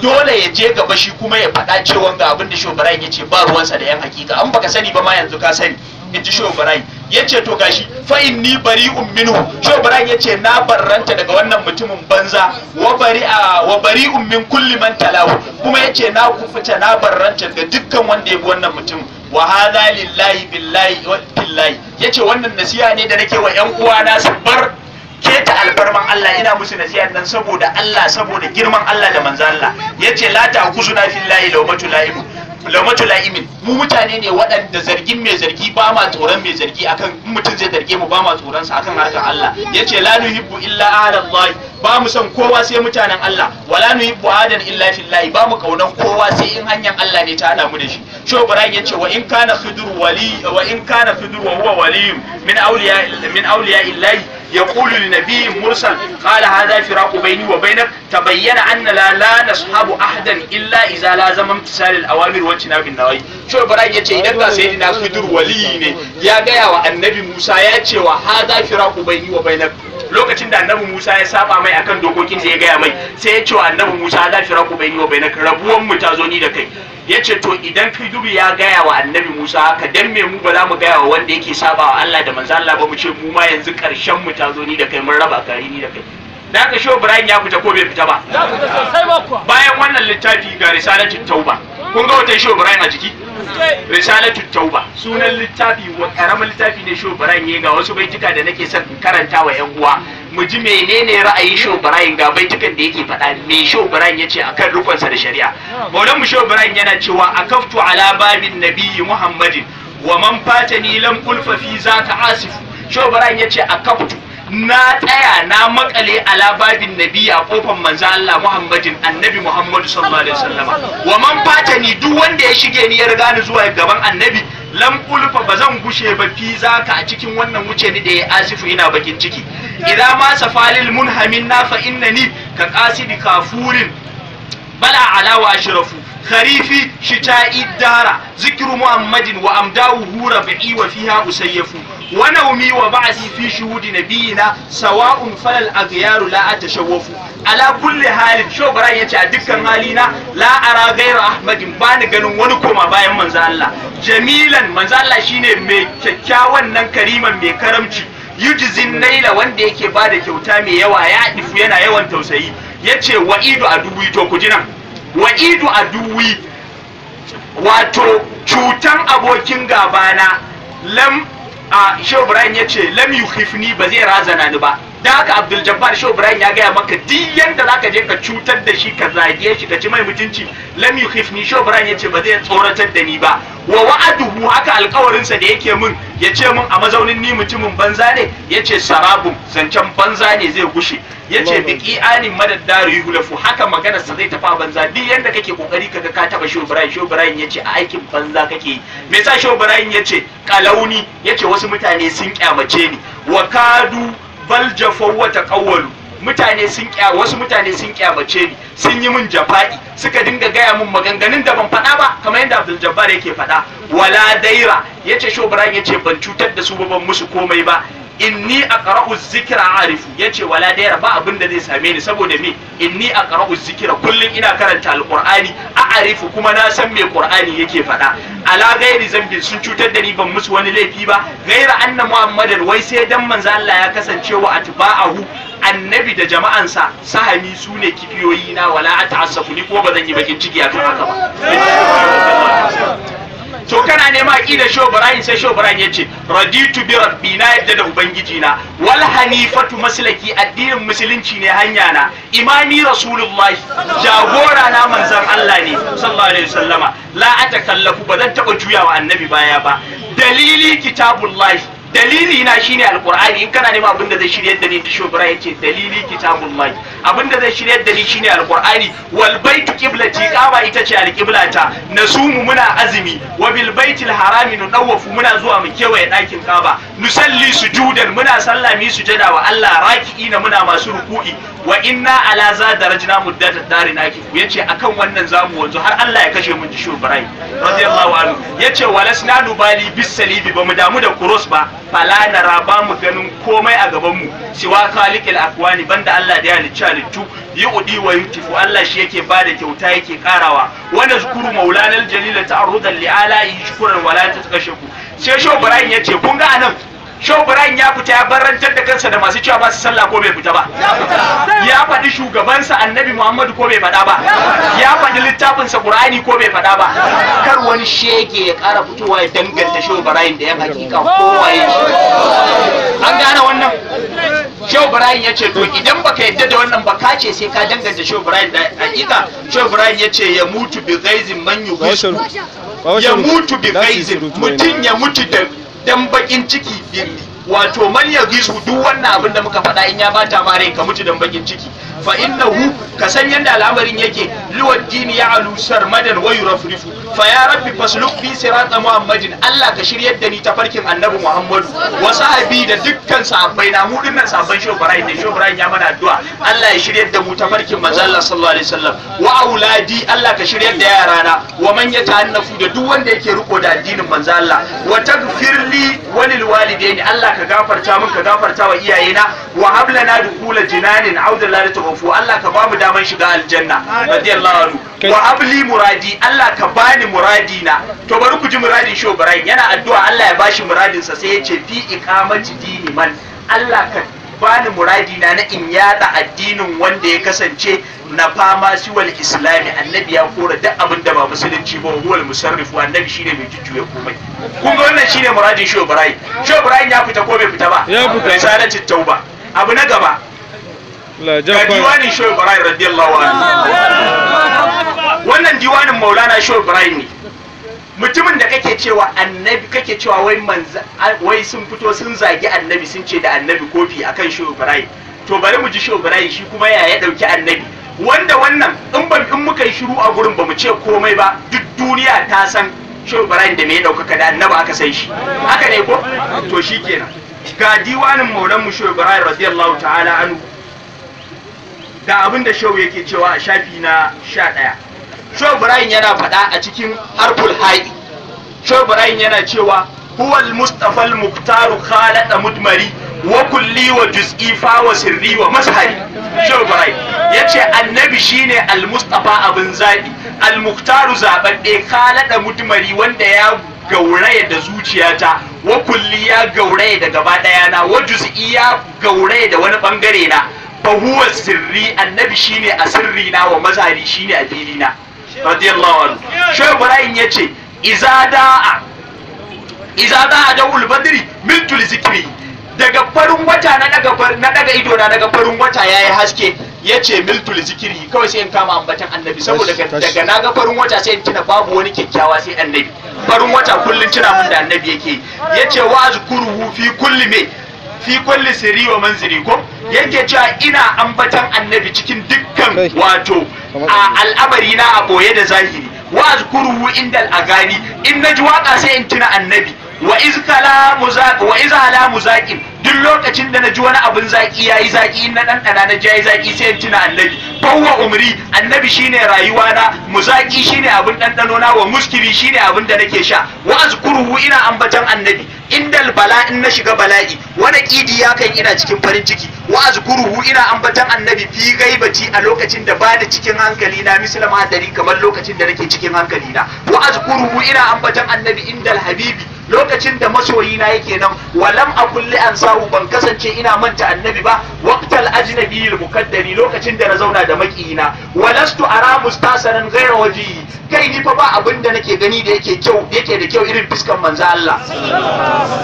Speaker 1: dole ya je gaba shi kuma ya faɗa cewa ga abin da shehu ya ce ba ruwansa da yan hakika an baka sani ba ma yanzu ka sani in ji shobarai ya ce to gashi fa ni bari umminu shobarai ya ce na barranta daga wannan mutumin banza wa bari a wa bari ummin kulli man talahu kuma ya ce na kufuta na barranta daga dukkan wanda ya bi wannan mutum wa hadha lillahi billahi wa billahi ya ce wannan nasiha ne da nake wa yan uwana su bar keta albarman Allah ina musu nasiha nan saboda Allah saboda girman Allah da manzo Allah ya ce la ta kusuna fillahi lawmatu laibu lamatu la'imin mu mutane ne waɗanda zargin mai zargi ba ma tsoron mai zargi akan mutum zai zarge mu ba ma tsoron sa akan harkar Allah yace la nuhibbu illa Allah ba mu son kowa sai mutanen Allah wala nuhibbu adan illa fillahi ba mu kaunan kowa sai in hanyar Allah ne ta hada mu da shi sho Ibrahim yace wa in kana khidur wali wa in kana khidur wa huwa wali min awliya min awliya illahi يقول لنبي مرسل قال هذا فراق بيني وبينك تبين أن لا لا نصحب أحدا إلا إذا لازم امتثال الأوامر wacce na bin wai shor bara ya ce idan ga na fidur wali ne ya gaya wa annabi musa ya ce wa ha za raku bai yi wa bai na lokacin da annabi musa ya saba mai akan dokokin da ya gaya mai sai ya ce wa annabi musa za raku bai yi wa bai na rabuwan mu ta zo ni da kai ya ce to idan fiduru ya gaya wa annabi musa ka dan me mu ba za mu gaya wa wanda yake saba wa Allah da manzo Allah ba mu ce mu ma yanzu karshen mu ta zo ni da kai mun raba kari ni da kai da aka shi Ibrahim ya fita ko bai fita ba bayan wannan littafi ga risalatul tauba kun ga watan shehu ibrahim a jiki risalatu tauba sunan littafi wa karamin littafi ne shehu ibrahim ya ga wasu baituka da nake son karanta wa yan uwa mu ji menene ra'ayin shehu ibrahim ga baitukan da yake faɗa me shehu ibrahim yace akan rukunsa da shari'a Bolonmu mu shehu ibrahim yana cewa akaftu ala babin nabiyyi muhammadin wa man fatani lam ulfa fi zaka asifu shehu ibrahim yace akaftu na tsaya na makale alababin Nabiya a kofar manzo Allah Muhammadin annabi Muhammadu sallallahu alaihi wasallam wa man fatani duk wanda ya shige ni ya riga ni zuwa gaban annabi lam kulfa bazan gushe ba fi zaka a cikin wannan wuce ni da ya asifu ina bakin ciki idan ma safalil munhamin na fa innani ka qasidi kafurin bala ala wa ashrafu kharifi shita'i iddara. zikru muhammadin wa amdahu rabi'i wa fiha usayyafu wa umi wa ba'si fi shuhudi nabiyina sawa'un falal aghyaru la atashawwafu ala kulli halin shobran yace a dukkan halina la ara ghayra ahmadin bani ganin wani koma bayan manzo Allah jamilan manzo Allah shine mai kyakkyawan nan kariman mai karamci yujizin naila wanda yake bada kyauta mai yawa ya difu yana yawan tausayi yace wa'idu aduwi to ku jinan wa'idu aduwi wato cutan abokin gaba na, lam a shehu ibrahim ya ce lam yukhifni ba zai razana ni ba da haka abdul jabbar shi ibrahim ya gaya maka duk yanda zaka je ka cutar da shi ka zage shi ka ci mai mutunci lam yukhifni shi ibrahim yace ba zai tsoratar da ni ba wa wa'aduhu haka alƙawarin sa da yake min yace min a mazaunin ni mutumin banza ne yace sarabu zancen banza ne zai gushe yace biki anin madaddari hulafu haka maganarsa sa zai tafa banza duk yanda kake kokari kaga ka taba shi ibrahim shi ibrahim yace a aikin banza kake yi me yasa shi ibrahim yace kalauni yace wasu mutane sun kyamace ni wa kadu bal jafaw wata taqawwalu mutane sun kya wasu mutane sun kyamace ni sun yi min jafa'i suka dinga gaya min maganganun da ban faɗa ba kamar yadda Abdul Jabbar yake faɗa wala daira yace shobran yace ban cutar da su ba ban musu komai ba inni aqra'u zikra arifu ce wala dayar ba abin da zai same ni saboda me inni aqra'u zikira kullum ina karanta Alƙur'ani a arifu kuma na san me ƙur'ani yake faɗa ala gairi zambi sun cutar da ni ban musu wani laifi ba gaira anna muhammadan wai sai dan manzo Allah ya kasance wa atba'ahu annabi da jama'ansa sahami su ne kibiyoyi na wala ta'assafu ni ko ba zan yi bakin ciki akan haka ba
Speaker 2: to kana nema
Speaker 1: aqidar Shehu Ibrahim sai Shehu Ibrahim yace raditu bi rabbi na yadda da ubangiji na wal hanifatu maslaki addinin musulunci ne hanya na imami rasulullahi jagora na manzon Allah ne sallallahu alaihi wasallama la atakallafu bazan taba juyawa annabi baya ba dalili kitabullahi dalili na shine alqur'ani in kana neman abin da zai shiryar da ni ta shobra yace dalili kitabun lahi abin da zai shiryar da ni shine alqur'ani wal baitu qiblati kaba ita ce ta. nasumu muna azumi wa bil baitil harami nudawafu muna zuwa mu kewaye dakin kaba nusalli sujudan muna sallami sujada wa Allah raki'ina muna masu ruku'i wa inna ala za muddata muddat darina ki yace akan wannan zamu wanzu har Allah ya kashe mun jishu Ibrahim radiyallahu anhu yace walasna bali bis salibi bamu damu da kuros ba fala na ba mu ganin komai a gaban mu siwa khaliqil akwani banda Allah da ya halicci halittu udi wa yutifu Allah shi yake bada kyauta yake karawa wanda zukuru maulanal jalila ta'arrudan li'ala yi shukran wala ta kashe ku sai shi ya ce kun ga anan shan ya fita ya barantar da kansa da masu cewa ba su sallah ko bai fita ba ya faɗi shugabansa annabi Muhammadu ko bai faɗa ba ya faɗi littafinsa Qur'ani ko bai faɗa ba kar wani shege ya ƙara fitowa ya danganta shan da yan hakika kowa ya shi
Speaker 2: an gane wannan
Speaker 1: Shehu ya ce to idan baka yadda da wannan ba ka ce sai ka danganta Shehu Ibrahim da hakika Shehu ya ce ya mutu bi ghaizin man yughishu ya mutu bi ghaizin mutun ya mutu da dan bakin ciki wato man yagisu duk wannan abin da muka faɗa in ya bata ma rai ka mutu dan bakin ciki fa innahu ka san yanda al'amarin yake liwad dini ya alu sarmadan wa yurafrifu fa ya rabbi fasluk bi sirata muhammadin Allah ka shiryar da ni ta farkin annabi muhammadu wa sahabi da dukkan sahabbai na mu dinnan sahabban shehu ibrahim da shehu ibrahim ya mana addu'a Allah ya shiryar da mu ta farkin manzo sallallahu alaihi wasallam wa auladi Allah ka shiryar da yarana wa man yatahannafu da duk wanda yake riko da addinin Manzala? Allah wa tagfirli walil walidaini Allah ka gafarta min ka gafarta wa iyayena wa hablana dukula jinanin auda la tughfu Allah ka bamu daman shiga aljanna radiyallahu anhu wa habli muradi Allah ka bani muradi na to bari ku ji muradin shi Ibrahim yana addu'a Allah ya bashi muradin sa sai ya ce fi iqamati dini man Allah ka bani muradi na na in yada addinin wanda ya kasance na fama siwal islami annabi ya kora duk abin da ba musulunci ba huwal musarrifu annabi shine mai jujjuya komai kun ga wannan shine muradin shi Ibrahim shi Ibrahim ya fita ko bai fita ba ya fita risalatin tauba abu na gaba ga diwanin shi Ibrahim radiyallahu anhu
Speaker 2: wannan diwanin Maulana
Speaker 1: shi Ibrahim ne mutumin da kake cewa annabi kake cewa wai manza wai sun fito sun zagi annabi sun ce da annabi kofi akan shi Ibrahim to bari mu ji shi Ibrahim shi kuma ya ya dauki annabi wanda wannan in ban in muka yi shiru a gurin ba mu ce komai ba duk duniya ta san shi ibrahim da me ya ɗaukaka da annaba aka san shi
Speaker 2: haka ne ko
Speaker 1: to shi kenan ga diwanin maulan mu shi ibrahim radiyallahu ta'ala anu da abin da shehu yake cewa a shafi na sha ɗaya shehu ibrahim yana faɗa a cikin harful haɗi. shi ibrahim yana cewa huwal mustafal muktaru khalada mudmari wa kulli wa juz'i fa wa sirri wa mashari shehu barai yace annabi shine al-mustafa abin zabi al-muhtaru zabadde kalada mutumari. wanda ya gauraya da zuciyata wa kulli ya gauraya da gaba daya na wa juz'i ya gauraya da wani bangare na fa huwa sirri annabi shine a sirri na wa mazhari shine a fili na radiyallahu anhu shehu barai yace iza da'a iza da'a da ulbadri mintul zikri daga farin wata na daga na daga ido na daga farin wata yayi haske yace miltul zikiri kawai sai in kama ambatan annabi saboda daga na ga farin wata sai in tuna babu wani kyakkyawa sai annabi farin wata kullun tuna mun da annabi yake yace wa azkuruhu fi kulli me fi kulli sirri wa manziri ko yake cewa ina ambatan annabi cikin dukkan wato a al'amarina na a boye da zahiri wa azkuruhu indal agani in naji waka sai in tuna annabi wa muzaƙi, muzaq muzaqin duk lokacin da naji wani abin zaki yayi zaki na dan dana na jayi zaki sai in tuna annabi bawwa umri annabi shine rayuwa na muzaki shine abin dan dano na wa muskiri shine abin da nake sha wa azkuru ina ambatan annabi indal bala in na shiga bala'i wani kidi ya kan ina cikin farin ciki wa azkuruhu ina ambatan annabi fi gaibaci a lokacin da ba da cikin hankali na misla hadari kamar lokacin da nake cikin hankali na wa azkuruhu ina ambatan annabi indal habibi lokacin da masoyi na yake nan walam a kulli an sahu ban kasance ina manta annabi ba waqtal ajnabi al lokacin da na zauna da makiyina walastu ara mustasaran ghayra waji kai ni fa ba abin da nake gani da yake kyau yake da kyau irin fuskan manzo Allah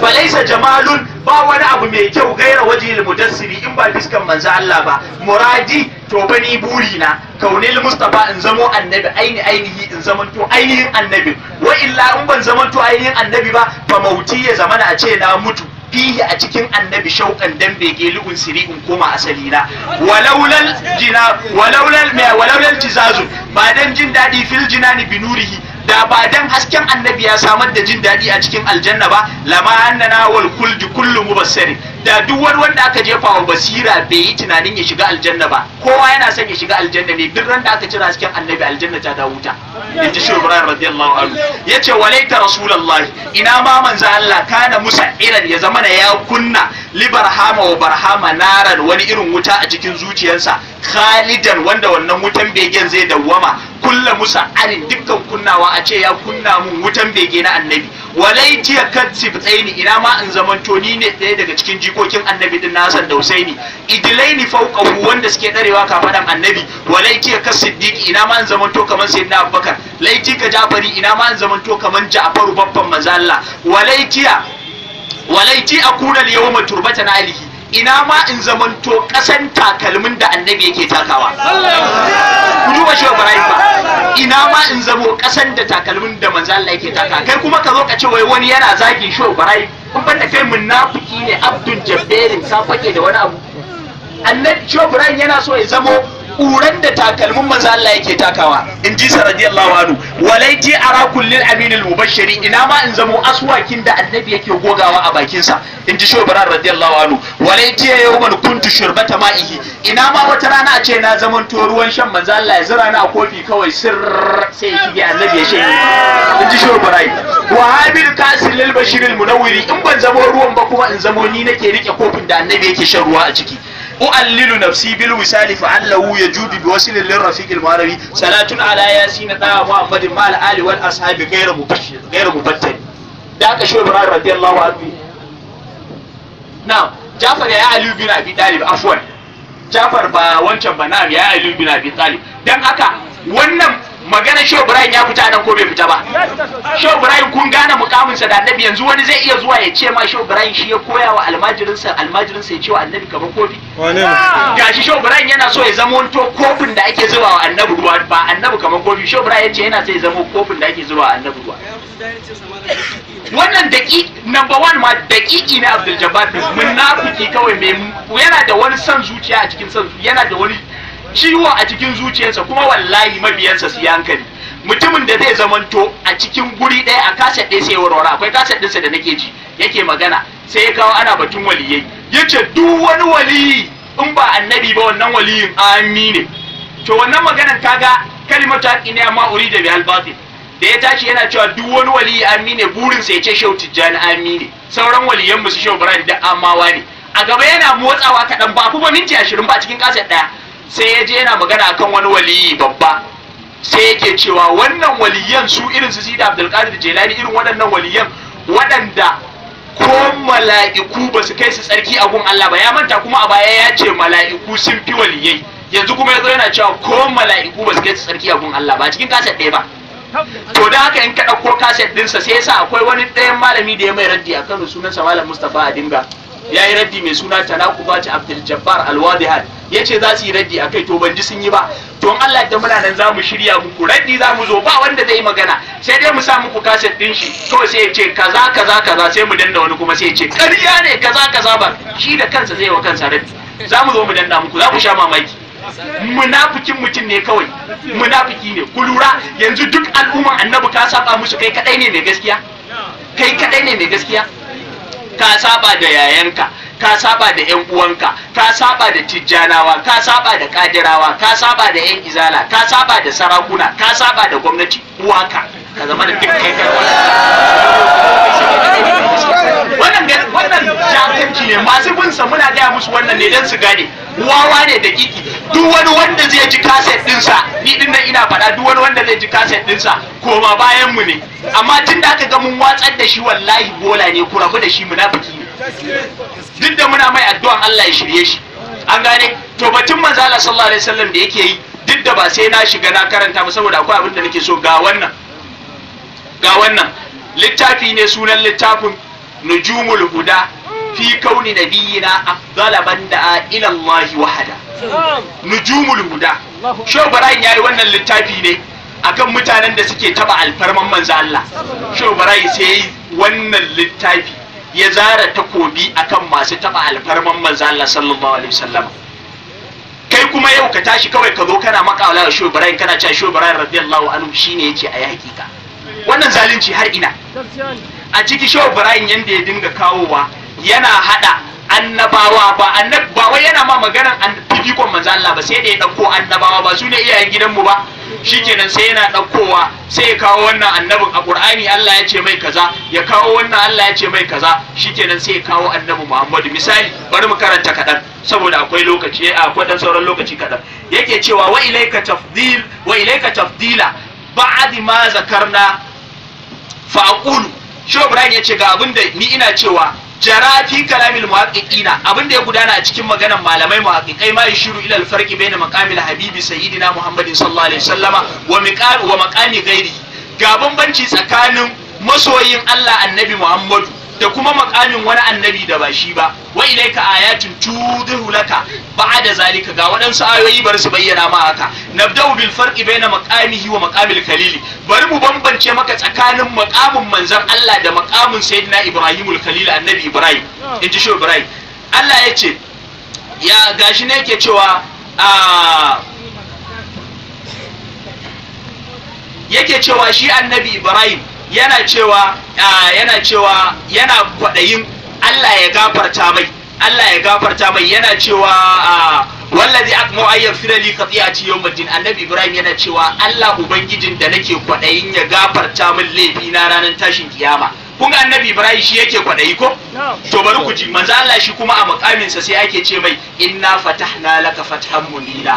Speaker 1: falaisa jamalun ba wani abu mai kyau gaira waje mudassiri in ba fiskan manzo Allah ba muradi to bani buri na kaunil mustafa in zamo annabi aini ainihi in zaman ainihin annabi wa illa in ban zamanto ainihin annabi ba fa mauti ya zamana a ce na mutu fihi a cikin annabi shauƙan dan bege lu'un siri in koma asali na walaulal jina walaulal walaulal tizazu ba dan jin dadi fil jinani binurihi da ba dan hasken annabi ya samar da jin daɗi a cikin aljanna ba lama annana wal kulju kullu mubassirin da duk wani wanda aka jefa wa basira bai yi tunanin ya shiga aljanna ba kowa yana son ya shiga aljanna ne duk randa aka cira cikin annabi aljanna ta dawo ta in ji shi ibrahim radiyallahu anhu yace walaita rasulullahi ina ma manzo Allah kana musa iran ya zamana ya kunna libarhama wa barhama naran wani irin wuta a cikin zuciyarsa khalidan wanda wannan wutan begen zai dawwama kulla musa arin dukkan kunnawa a ce ya kunna mun wutan bege na annabi walaiti ya katsib tsaini ina ma in zamanto ni ne daya daga cikin jikokin annabi din Hassan da Husaini idilaini fawqahu wanda suke darewa kafadan annabi walaiti ka siddiq ina ma an zamanto kaman sayyidina Abubakar laiti ka Jafari ina ma an zamanto kaman Ja'faru babban Mazalla? Allah walaiti walaiti akuna al-yawma turbatan alihi ina ma in zamanto kasan takalmin da annabi yake takawa ku duba shi Ibrahim ba ina ma in zamo kasan da takalmin da manzo Allah yake taka kai kuma ka zo ka ce wai wani yana zagin shi barai kun banda kai munafiki ne abdul jabbarin sa fake da wani abu annabi shi yana so ya zamo ƙuran da takalmin manzo Allah yake takawa in ji sa radiyallahu anhu walai ji ara kullil aminil mubashshiri ina ma in zamo aswakin da annabi yake gogawa a bakin sa in ji shubran radiyallahu anhu walai ji yawman kuntu shurbata ma'ihi ina ma wata rana a ce na zaman to ruwan shan manzo Allah ya zira ni a kofi kawai sir sai ya annabi ya shanye in ji shubran wa habil kasil lil bashiril munawwiri in ban zamo ruwan ba kuma in zamo ni nake rike kofin da annabi yake shan ruwa a ciki u'allilu nafsi bil wisali fa allahu yajudu bi wasilin lir rafiqil marabi salatun ala yasin da muhammadin ma al ali wal ashabi ghayra mubashir ghayra mubattal da aka shi ibrahim radiyallahu anhu na'am jafar ya ali bin abi talib afwan jafar ba wancan ba na'am ya bin dan aka, wannan magana shehu ibrahim ya fita nan ko bai fita ba shehu ibrahim kun gane sa da annabi yanzu wani zai iya zuwa ya ce ma shehu ibrahim shi ya koya wa almajirinsa almajirinsa ya ce wa annabi kamar kofi gashi shehu ibrahim yana so ya zama to kofin da ake zuba wa annabi ruwa ba annabi kamar kofi shehu ibrahim ya ce yana so ya zama kofin da ake zuba wa annabi ruwa wannan daki number one ma daƙiƙi na abdul jabbar nafiki kawai mai yana da wani son zuciya a cikin san yana da wani ciwo a cikin zuciyarsa kuma wallahi mabiyansa su hankali mutumin da zai zamanto a cikin guri ɗaya a kaset ɗaya sai warware akwai kaset ɗinsa da nake ji yake magana sai ya kawo ana batun waliyai Ya ce duk wani waliyi in ba annabi ba wannan waliyin ami ne to wannan maganar kaga kalimatu haqqi ne amma urida bi al da ya tashi yana cewa duk wani waliyi ami ne burin ce ce shehu tijjani ami sauran waliyan musu shehu birane da amawa ne a gaba yana motsawa kaɗan ba kuma minti ashirin ba cikin kaset ɗaya sai ya je yana magana kan wani waliyi babba sai yake cewa wannan waliyan su irin su sida abdulkadir jelani irin waɗannan waliyan waɗanda ko mala'iku ba su kai su tsarki a gun Allah ba ya manta kuma a baya ya ce mala'iku sun fi waliyai yanzu kuma zo yana cewa ko mala'iku ba su kai su tsarki a gun Allah ba cikin kaset ɗaya ba to da haka in ka ɗauko kaset ɗinsa sai yasa akwai wani ɗayan malami da ya mai raddi a Kano sunansa malam Mustapha Adinga ya yi raddi mai suna ci abdul jabbar alwadihat ya ce za su yi raddi a kai to ban ji sun yi ba don allah da muna nan za mu shirya muku raddi za mu zo ba wanda zai yi magana sai dai mu sa muku kaset din shi kawai sai ya ce kaza kaza kaza sai mu danna wani kuma sai ya ce ƙarya ne kaza kaza ba shi da kansa zai wa kansa raddi za mu zo mu danna muku za ku sha mamaki munafikin mutum ne kawai munafiki ne ku lura yanzu duk al'umman annabi ka saba musu kai kadai ne mai gaskiya kai kadai ne mai gaskiya ka saba da yayanka ka saba da yan uwanka ka saba da tijjanawa ka saba da kadirawa ka saba da yan izala ka saba da sarakuna ka saba da gwamnati uwaka ka zama da dukkan wannan wannan jakanci ne masu bin sa muna gaya musu wannan ne dan su gane wawa ne da kiki duk wani wanda zai ji kaset sa ni din nan ina faɗa duk wani wanda zai ji kaset sa koma bayan mu ne amma tun da aka ga mun watsar da shi wallahi bola ne ku rabu da shi munafiki ne duk da muna mai addu'an Allah ya shirye shi an gane to batun manzo Allah sallallahu alaihi wasallam da yake yi duk da ba sai na shiga na karanta ba saboda akwai abin da nake so ga wannan ga wannan littafi ne sunan littafin nujumul huda fi kauni nabiyina afdala man da'a ila Allah wahada nujumul huda
Speaker 2: shehu ya yi
Speaker 1: wannan littafi ne akan mutanen da suke taɓa alfarman manzo Allah shehu barayi sai wannan littafi ya zara takobi akan masu taɓa alfarman manzo Allah sallallahu alaihi kai kuma yau ka tashi kawai ka zo kana makawala shehu barayin kana cewa shehu barayin radiyallahu anhu shine yake a hakika wannan zalunci har ina a ciki shehu ibrahim yanda ya dinga kawowa yana hada annabawa ba annab ba wai yana ma maganar fifikon manzo Allah ba sai da ya dauko annabawa ba su ne iyayen gidanmu ba shikenan sai yana daukowa sai ya kawo wannan annabin a Qur'ani Allah ya ce mai kaza ya kawo wannan Allah ya ce mai kaza shikenan sai ya kawo annabi Muhammadu misali bari mu karanta kadan saboda akwai lokaci eh, akwai dan sauran lokaci kadan yake cewa wa ilayka tafdil wa ilayka tafdila ba'd ma zakarna fa aqulu Shehu Ibrahim ya ce ga abin da ni ina cewa jarafi kalamin kalamil muhaqqiqina abin da ya gudana a cikin maganar malamai muhaqqiqai ma yashiru ila al-farqi bayna maqamil habibi sayyidina Muhammadin sallallahu alaihi wasallama wa miqam wa maqami ghairi ga bambanci tsakanin masoyin Allah annabi Muhammadu da kuma makamin wani annabi da ba shi ba wa ilaika ayatin tudhiru laka ba'da zalika ga waɗansu ayoyi bari su bayyana ma haka nabda'u bil farqi baina maqamihi wa maqamil khalili bari mu bambance maka tsakanin maqamin manzon Allah da maqamin sayyidina Ibrahimul Khalil annabi Ibrahim inji shi Ibrahim Allah ya ce ya gashi ne yake cewa a yake cewa shi annabi Ibrahim yana cewa yana cewa yana kwaɗayin Allah ya gafarta mai Allah ya gafarta mai yana cewa wallazi akmu ay yaghfira qati'ati yawmiddin annabi ibrahim yana cewa Allah ubangijin da nake kwaɗayin ya gafarta min laifi na ranar tashin kiyama kun ga annabi ibrahim shi yake kwadayi ko to bari ku ji manzo Allah shi kuma a mukamin sa sai ake ce mai inna fatahna laka fatahan munira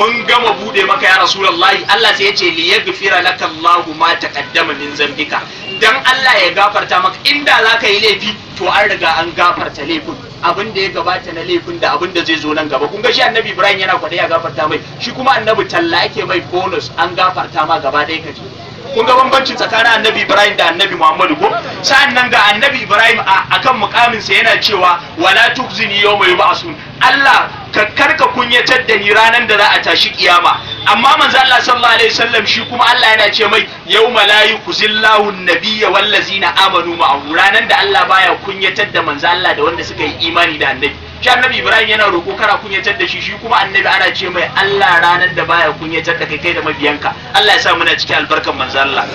Speaker 1: mun gama bude maka ya rasulullahi Allah sai yace li yaghfira laka Allah ma taqaddama min zambika dan Allah ya gafarta maka inda zaka yi laifi to an riga an gafarta laifin abin da ya gabata na laifin da abin da zai zo nan gaba kun ga shi annabi Ibrahim yana kwadayi a gafarta mai shi kuma annabi talla ake mai bonus an gafarta ma gaba ɗaya kaje kun ga bambancin tsakanin annabi ibrahim da annabi muhammadu ko nan ga annabi ibrahim a akan mukamin sa yana cewa wala tukzini yawma yub'asun Allah ka karka kunyatar da ni ranar da za a tashi kiyama amma manzo Allah sallallahu alaihi wasallam shi kuma Allah yana ce mai yawma la yukhzillahu nabiyya wallazina amanu ma'ahu ranar da Allah baya kunyatar da manzo Allah da wanda suka yi imani da annabi shi annabi ibrahim yana roƙo kana kunyatar da shi shi kuma annabi ana ce mai allah ranar da baya kunyatar da kai kai da mabiyanka allah ya sa muna cikin albarkan manzo allah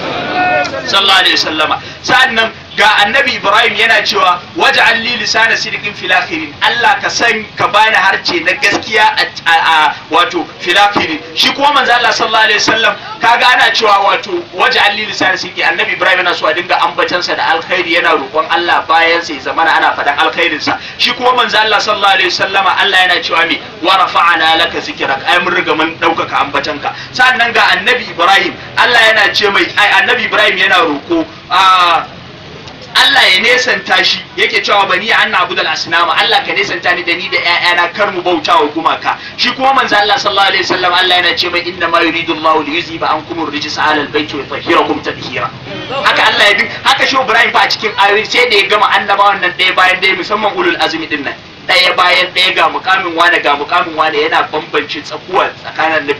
Speaker 1: sallallahu alaihi wasallama sa'annan ga annabi ibrahim yana cewa waje an li lisana sidikin filafirin allah ka san ka bani harce na gaskiya a wato filafirin shi kuma manzo allah sallallahu alaihi wasallam kaga ana cewa wato waje an li lisana sidikin annabi ibrahim yana so a dinga ambatansa da alkhairi yana roƙon allah bayan sai zamana ana faɗan sa shi kuma manzo allah sallallahu alaihi wasallama allah yana cewa me wa rafa'ana laka zikrak ai mun riga mun ɗaukaka ambatanka sannan ga annabi ibrahim allah yana ce mai ai annabi ibrahim yana roko. Ah, Allah ya nesanta shi yake cewa bani na budal asnama Allah ka nesanta ni da ni da ƴaƴana kar mu bauta wa gumaka shi kuma manzo Allah sallallahu alaihi wasallam Allah yana ce mai inna ma yuridu Allahu li yuziba ankum ar-rijsa 'ala al-bayti wa yutahhirakum tadhhira haka Allah ya din haka shi Ibrahim fa a cikin ayoyi sai da ya gama annabawan nan ɗaya bayan ɗaya musamman ulul azmi din nan ɗaya bayan ɗaya ga mukamin wane ga mukamin wane yana bambance tsakuwa tsakanin nabi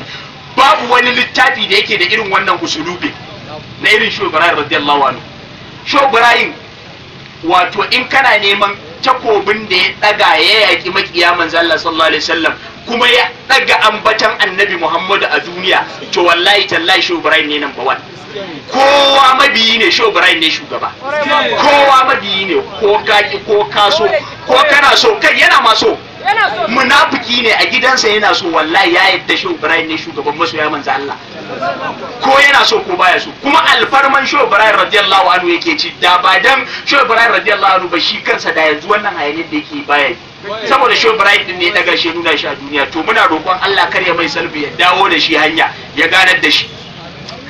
Speaker 1: babu wani littafi da yake da irin wannan usulubi na irin shi Ibrahim radiyallahu anhu shi wato in kana neman takobin da ya daga ya yaƙi makiya manzo sallallahu alaihi wasallam kuma ya ɗaga ambatan annabi Muhammadu a duniya to wallahi tallahi shi ne number one kowa mabiyi ne shi ne shugaba kowa mabiyi ne ko kaki ko kaso ko kana so kai yana ma so munafiki ne a gidansa yana so wallahi ya yadda shi Ibrahim ne shugaban masoya manzo Allah ko yana so ko baya so kuma alfarman shi Ibrahim radiyallahu anhu yake ci da ba dan shi Ibrahim radiyallahu anhu ba shi kansa da yanzu wannan hayani da yake baya saboda shi Ibrahim din ne daga shi nuna shi a duniya to muna roƙon Allah kar ya mai salbi ya dawo da shi hanya ya ganar da shi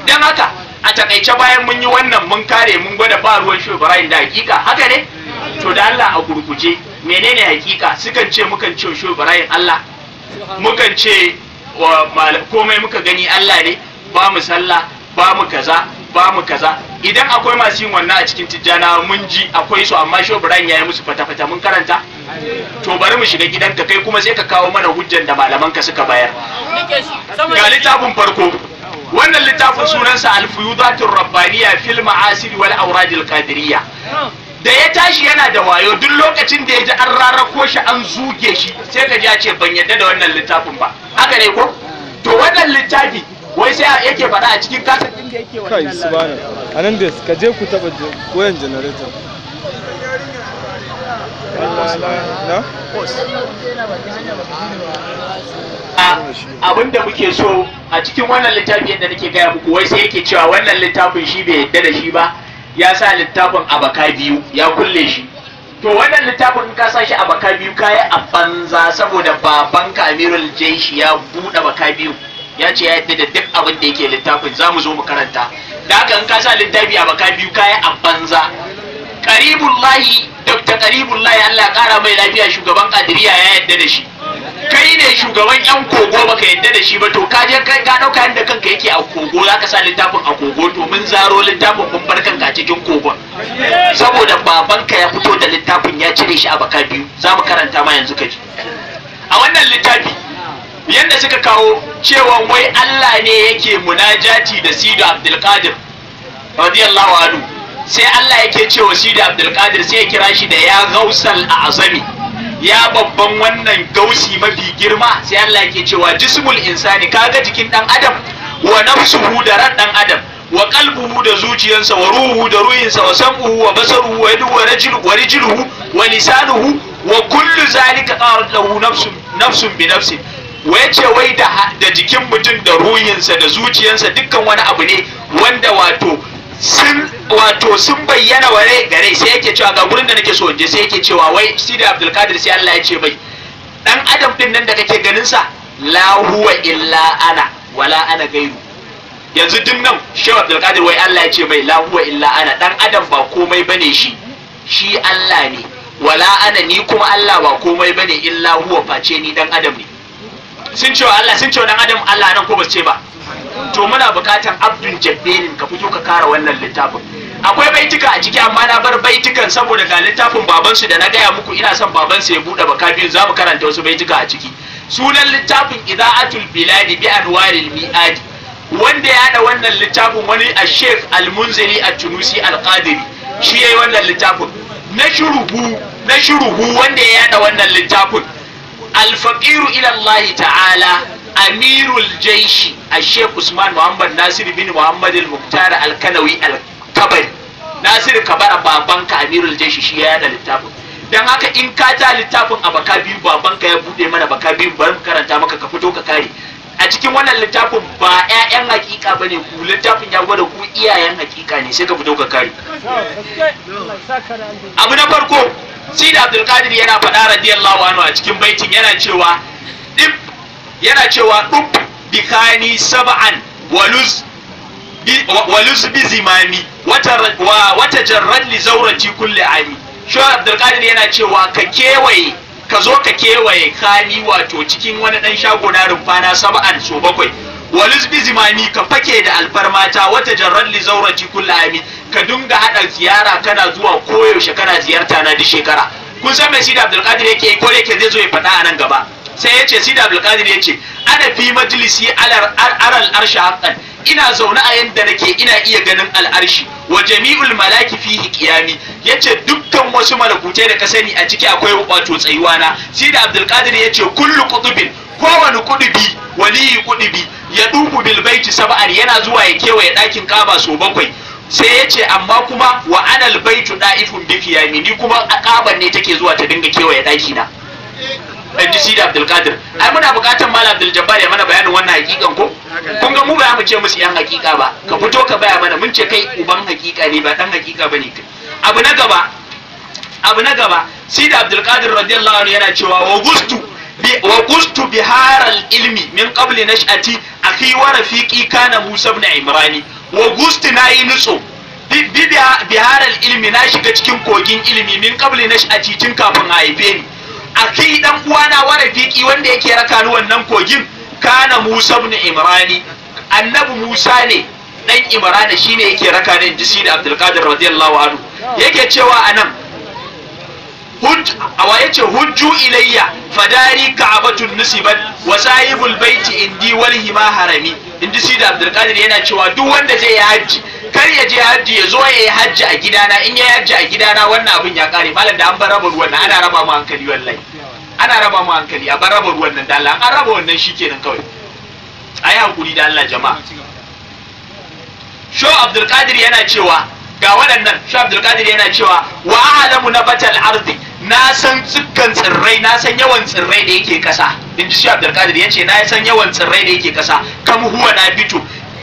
Speaker 1: dan haka a takaice bayan mun yi wannan mun kare mun gwada ba ruwan shi Ibrahim da hakika haka ne to da Allah a gurguje menene hakika sukan ce mukan ce shi barayin Allah mukan ce komai muka gani Allah ne ba mu sallah ba mu kaza ba mu kaza idan akwai masu yin wannan a cikin tijjana mun ji akwai su amma shi Ibrahim ya yi musu fata-fata mun karanta to bari mu shiga gidan ka kai kuma sai ka kawo mana hujjan da malaman ka suka bayar ga littafin farko wannan littafin sunansa al-fuyudatur rabbaniya fil ma'asir wal awradil qadiriyya da ya tashi yana da wayo duk lokacin da ya ji an rara ko shi an zuge shi sai ka ji a ce ban yadda da wannan littafin ba haka ne ko to wannan littafi wai sai yake faɗa a cikin kasar din da
Speaker 2: yake wannan subhana anan da ka je ku taba koyan generator
Speaker 1: abin da muke so a cikin wannan littafi yadda nake gaya muku wai sai yake cewa wannan littafin shi bai yadda da shi ba ya sa littafin a baka biyu ya kulle shi to wannan littafin ka sa shi a baka biyu ka yi a banza saboda baban Amirul jaishi ya buɗe baka biyu ya ce ya yadda da duk abin da yake littafin za mu zo mu karanta da haka in ka sa littafi a baka biyu ka yi a banza karibullahi dr karibullahi allah ya kara mai lafiya shugaban kadiriya ya yadda da shi kai ne shugaban yan kogo baka yadda da shi ba to ka je kai ka dauka yadda kanka yake a kogo za ka sa littafin a kogo to mun zaro littafin mun bar kanka cikin kogon saboda babanka ya fito da littafin ya cire shi a baka biyu za mu karanta ma yanzu ka a wannan littafi yadda suka kawo cewa wai Allah ne yake munajati da Sidi Qadir radiyallahu anhu sai Allah yake cewa Sidi Abdulkadir sai ya kira shi da ya gausal a azami ya babban wannan gausi mafi girma sai Allah ke cewa jismul insani kaga jikin dan adam wa nafsuhu da ran dan adam wa qalbuhu da zuciyarsa wa ruhu da ruhinsa wa sam'uhu wa basaruhu wa yaduhu wa rajuluhu wa rijluhu wa lisanuhu wa kullu zalika qarat lahu nafsun nafsun bi wa yace wai da jikin mutum da ruhinsa da zuciyarsa dukkan wani abu ne wanda wato sun wato sun bayyana wa rai gare sai yake cewa ga gurin da nake so je sai yake cewa wai sidi abdulkadir sai Allah ya ce mai dan adam din nan da kake ganin sa la huwa illa ana wala ana gairu yanzu din nan shehu abdulkadir wai Allah ya ce mai la huwa illa ana dan adam ba komai bane shi shi Allah ne wala ana ni kuma Allah ba komai bane illa huwa face ni dan adam ne sun cewa Allah sun cewa dan adam Allah nan ko ba su ce ba to muna bukatar abdul jabberin ka fito ka kara wannan littafin akwai baitika a ciki amma na bar baitikan saboda ga littafin babansu da na gaya muku ina son babansu ya buɗe baka biyu za mu karanta wasu baitika a ciki sunan littafin ida'atul biladi bi anwaril mi'adi wanda ya da wannan littafin wani a sheikh almunziri a tunusi al shi shi yayi wannan littafin na shuruhu na shuruhu wanda ya da wannan littafin al-faqiru ila Allah ta'ala amirul jaishi a sheikh usman muhammad nasiru bin muhammad al-muktar al-kanawi al-kabari nasiru kabara babanka amirul jaishi shi ya yada littafin dan haka in ka ta littafin a baka biyu babanka ya bude mana baka biyu bari karanta maka ka fito ka kare a cikin wannan littafin ba ƴaƴan hakika bane ku littafin ya gwada ku iyayen hakika ne sai ka fito ka kare abu na farko sida abdulkadir yana faɗa radiyallahu anhu a cikin baitin yana cewa yana cewa duk bikani saba'an waluz waluz zimami wata wata jarrad li zawrati kulli ani shi Abdul yana cewa ka kewaye ka zo ka kewaye kani wato cikin wani dan shago na rumfana saba'an so bakwai walis bi zimami ka fake da alfarmata wata jarrar li zaurati ani ka dinga hada ziyara kana zuwa koyaushe kana ziyarta na da shekara kun san mai sida abdulkadir yake ko yake zai zo ya faɗa a nan gaba sai ya ce sida abdulkadir ya ce ana fi majalisi aral arshi haƙan ina zaune a yadda nake ina iya ganin al'arshi wa jami'ul malaki fihi Ya ce dukkan wasu malakutai da ka sani a ciki akwai wato tsayuwa na sida abdulkadir ya ce kullu qutubin kowane kudubi waliyi kudubi ya dubu bil saba'ar yana zuwa ya kewaye ɗakin kaba so bakwai sai ya ce amma kuma wa anal baitu da'ifun bi ni kuma a akaban ne take zuwa ta dinga kewaye ɗaki na in da Sidi Abdulkadir ai muna buƙatar Malam Abdul Jabbar ya mana bayanin wannan hakikan ko kun ga mu ba mu ce musu yan hakika ba ka fito ka baya mana mun ce kai uban hakika ne ba dan hakika bane kai abu na gaba abu na gaba Sidi Abdulkadir radiyallahu anhu yana cewa wa gustu wa gustu haral ilmi min qabli nash'ati akhi wa rafiqi kana Musa ibn Imrani wa gustu nayi nutso haral ilmi na shiga cikin kogin ilimi min qabli na shi a kafin a haife ni akhi dan uwana wa rafiki wanda yake raka ni wannan kogin kana Musa ibn Imrani annabi Musa ne dan Imrani shine yake raka ni inji da Abdul Qadir radiyallahu anhu yake cewa anan hujj awa yace hujju ilayya fadari ka'batun nusibat wa sahibul baiti indi wal hima harami inji shi da yana cewa duk wanda zai yi kar ya je hajji ya zo ya yi hajji a gidana in ya yi hajji a gidana wannan abin ya kare malam da an bar rabu ruwan ana raba mu hankali wallahi ana raba mu hankali a bar raba ruwan nan da Allah an raba wannan shikenan kawai ayi hakuri da Allah jama'a sho Abdul Qadir yana cewa ga waɗannan sho Abdul Qadir yana cewa wa a'lamu nabatal ardi na san dukkan tsirrai na san yawan tsirrai da yake kasa in ji Abdul Qadir yace na san yawan tsirrai da yake kasa kam huwa na fito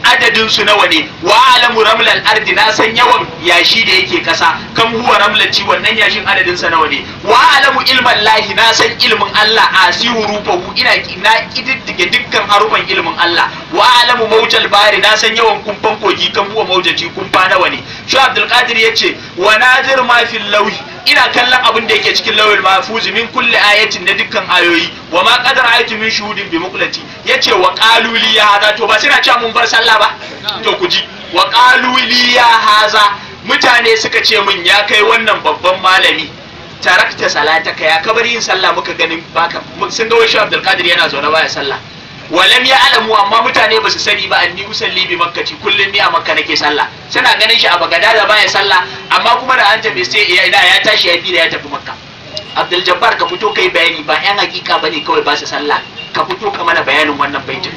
Speaker 1: adadin su nawa ne wa alamu ramlal ardi na san yawan yashi da yake kasa kam huwa ci, wannan yashin adadin sa nawa ne wa alamu ilman lahi na san ilmin Allah asiru rufahu ina na kididdige dukkan harufan ilmin Allah wa alamu bari na san yawan kumfan kogi kam huwa mawjati kumfa nawa ne shi abdul qadir yace wa nadir ma fil lawhi ina kallon abin da yake cikin lawal mafuzi min kulli ayatin na dukkan ayoyi wa ma qadara ayatu min shuhudin bi muqlati yace wa qaluli ya hada to ba sina cewa mun bar sallah ba to ku ji wa qaluli ya haza mutane suka ce mun ya kai wannan babban malami tarakta salataka ya kabar yin sallah muka ganin baka sun ga wai shi Abdul Qadir yana zaune baya sallah walam ya alamu amma mutane ba su sani ba anni musalli bi makkati kullum ni a makka nake sallah sana ganin shi a bagada da baya sallah amma kuma da an bai sai ya ina ya tashi ya da ya tafi makka abdul jabbar ka fito kai bayani ba yan hakika bane kawai ba su sallah ka fito ka mana bayanin wannan baitin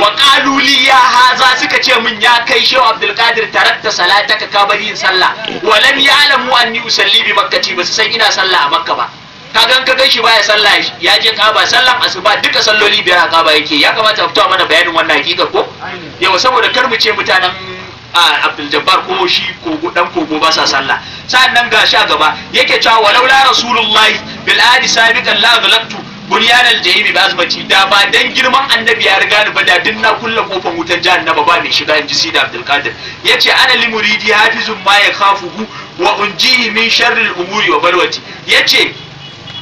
Speaker 1: wa qalu li ya haza suka ce min ya kai shehu abdul qadir tarakta salataka ka bari yin sallah walam ya alamu anni usalli bi makkati ba su san ina sallah a makka ba ka gan ka shi baya sallah ya je kaba sallan asuba duka salloli biyar a kaba yake ya kamata fito mana bayanin wannan hakika ko yau saboda kar mu ce mutanen Abdul Jabbar ko shi kogo dan kogo ba sa sallah nan gashi a gaba yake cewa walaula rasulullahi bil adi sabiqan la ghalaqtu al jahimi ba azmaci da ba dan girman annabi ya riga ni ba da din na kullu kofar wutar jahannama ba ne shiga inji sida Abdul Qadir yace ana muridi hafizun ma yakhafuhu wa unjihi min sharri al-umuri wa balwati yace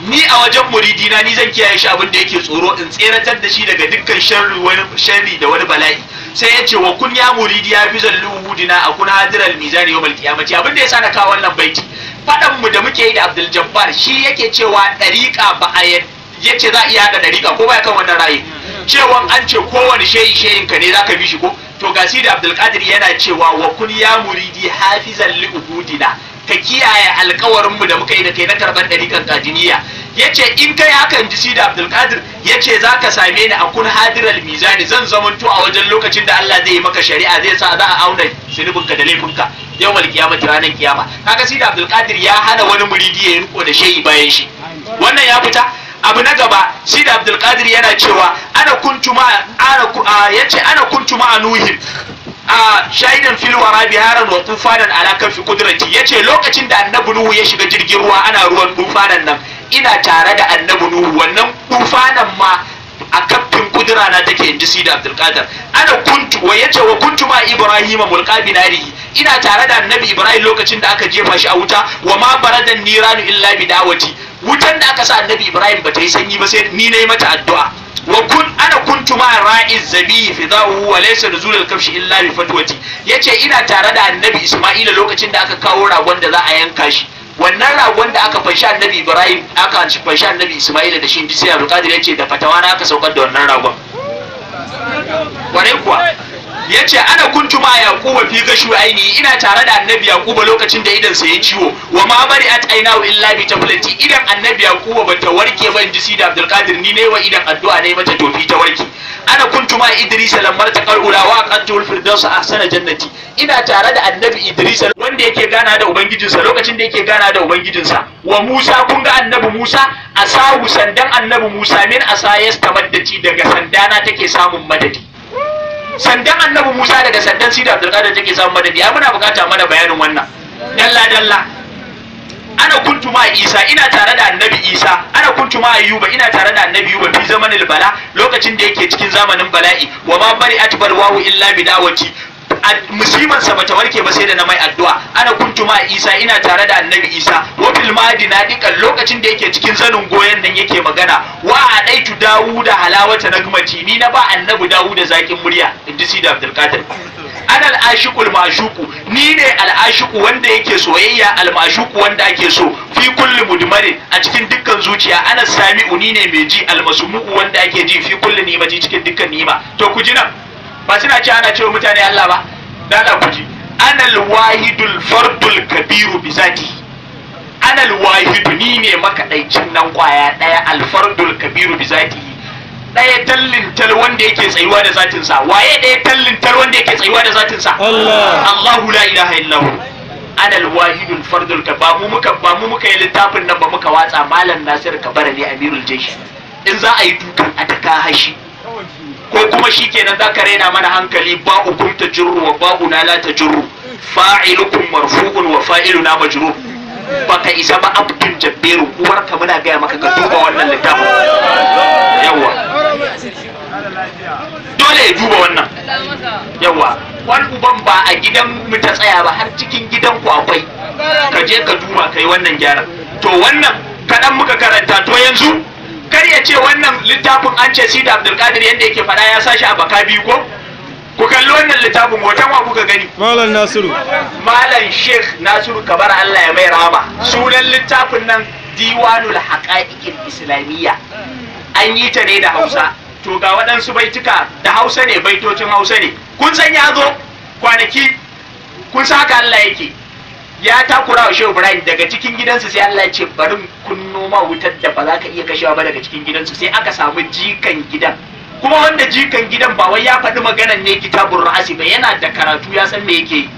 Speaker 1: ni a wajen muridina ni zan kiyaye shi abin da yake tsoro in tseratar da shi daga dukkan sharri wani sharri da wani bala'i sai ya ce wa kun ya muridi ya fi zallu hudina a kuna hadiral mizani yawmal qiyamati abin da yasa na kawo wannan baiti fadan mu da muke yi da Abdul Jabbar shi yake cewa dariqa ba a yace za a iya hada dariqa ko baya kan wannan rayi cewa an ce kowane shehi shehin ka ne zaka bi shi ko to gasi da Abdul Qadir yana cewa wa kun ya muridi hafizan li ka kiyaye alkawarinmu da muka yi da kai na karɓar ɗarikan kadiniya ya ce in kai hakan ji da abdulkadir ya ce za ka same ni a kun hadiral mizani zan zamanto a wajen lokacin da allah zai yi maka shari'a zai sa za a auna sinibinka da laifinka yau mal kiyama ranar kiyama kaga da abdulkadir ya hana wani muridi ya riko da shehi bayan shi wannan ya fita abu na gaba da abdulkadir yana cewa ana yace ana kuntu ma nuhin a shaidan ma biharan wa tufanan ala kafi ya ce lokacin da annabi nuhu ya shiga jirgin ruwa ana ruwan tufanan nan ina tare da annabu nuhu wannan tufanan ma a kafin kudura na take inji sida abdulkadir ana kuntu wa yace wa kuntu ma ibrahima mulkabi binarihi ina tare da annabi ibrahim lokacin da aka jefa shi a wuta wa ma baradan niranu illa bidawati wutan da aka sa annabi ibrahim ba ta yi sanyi ba sai ni na yi mata addu'a wa kun ana kuntu ma ra'iz zabi fi dahu wa laysa nuzulul kafshi illa bi fatwati yace ina tare da annabi Isma'ila lokacin da aka kawo ragon da za a yanka shi wannan ragon da aka fanshi annabi Ibrahim aka fanshi annabi Isma'ila da shi sai Abdul Qadir yace da fatawa na aka saukar da wannan ragon kwarai kuwa ya ce ana kuntu ma yaquba fi gashu aini ina tare da annabi yaquba lokacin da idan sa ya ciwo wa ma bari at wa illa bi tablati idan annabi yaquba bata warke ba inji sida abdul qadir ni ne wa idan addu'a ne mata tofi ta warke ana kuntu ma idris lamar ta ula wa qatul firdaus ahsana jannati ina tare da annabi idris wanda yake gana da ubangijinsa lokacin da yake gana da ubangijinsa wa musa kun ga annabi musa asahu sandan annabi musa min asayas tabaddati daga sandana take samun madadi sandan annabi musa da da sandan sida abdulkadir take samu madadi ai muna bukata mana bayanin wannan dalla dalla ana kuntu ma isa ina tare da annabi isa ana kuntu ma ayyuba ina tare da annabi yuba fi zamanil bala lokacin da yake cikin zamanin bala'i wa ma bari atbal wahu illa bi sa bata warke ba sai da na mai addu'a ana kuntu ma isa ina tare da annabi isa wa fil madina dikan lokacin da yake cikin zanin goyon nan yake magana wa adaitu dawuda halawata nagmati ni na ba annabi dawuda zakin murya inji da abdulkadir ana al'ashiqul mashuku ni ne al'ashiku wanda yake soyayya al-mashuku wanda ake so fi kulli mudmarin a cikin dukkan zuciya ana sami ni ne mai ji al-masumu wanda ake ji fi kulli ji cikin dukkan nima to ku ji nan ba suna ce ana cewa mutane Allah ba dada kuji anal wahidul fardul kabiru bi zati anal wahidu ni ne makadaicin nan kwaya daya al fardul kabiru bi zati daya tallintal wanda yake tsayuwa da zatin sa waye daya tallintal wanda yake tsayuwa da zatin sa Allah Allahu la ilaha illahu anal wahidul fardul ka ba muka bamu muka yi littafin nan ba muka watsa malam Nasir Kabara ne Amirul Jaysh in za a yi dukan a taka hashi ko kuma shi kenan za ka raina mana hankali ba'u ukun ta jirru wa ba na la ta jirru fa'ilukum marfu'un wa fa'iluna majrur baka isa ba abdin jabberu uwar ka muna gaya maka ka duba wannan littafin yawa dole ya duba wannan yawa wani uban ba a gidan mu ta tsaya ba har cikin gidan ku akwai ka je ka duba kai wannan gyara to wannan kaɗan muka karanta to yanzu kar ya ce wannan littafin an ce sida abdulkadir yadda yake faɗa ya sashi a baka biyu ko ku kalli wannan littafin hoton wa kuka gani malam nasiru malam sheikh nasiru kabar allah ya mai rama sunan littafin nan diwanul haqa'iqil islamiyya an yi ta ne da hausa to ga waɗansu baituka da hausa ne baitocin hausa ne kun san ya zo kwanaki kun saka allah yake ya takura wa shehu ibrahim daga cikin gidansu sai allah ya ce bari kunno ma wutar da ba za ka iya kashewa ba daga cikin gidansu sai aka samu jikan gidan kuma wanda jikan gidan ba wai ya faɗi maganan ne kitabun ra'asi ba yana da karatu ya san me yake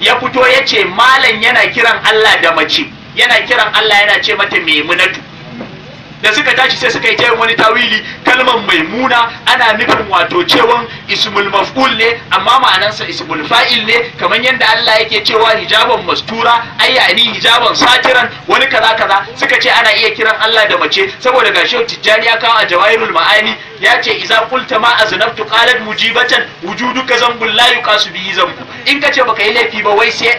Speaker 1: ya fito ya ce malam yana kiran allah da mace yana kiran allah yana ce mata maimunatu da suka tashi sai suka yi ta wani tawili kalmar maimuna ana nufin wato cewan ismul maf'ul ne amma ma'anarsa ismul fa'il ne kamar yadda Allah yake cewa hijaban mastura ai hijaban satiran wani kaza kaza suka ce ana iya kiran Allah da mace saboda ga Tijjani ya kawo a jawairul Ma'ani ya ce iza qulta ma aznaftu qalat mujibatan wujuduka zambul la yuqasu bihi zambu in kace baka yi laifi ba wai sai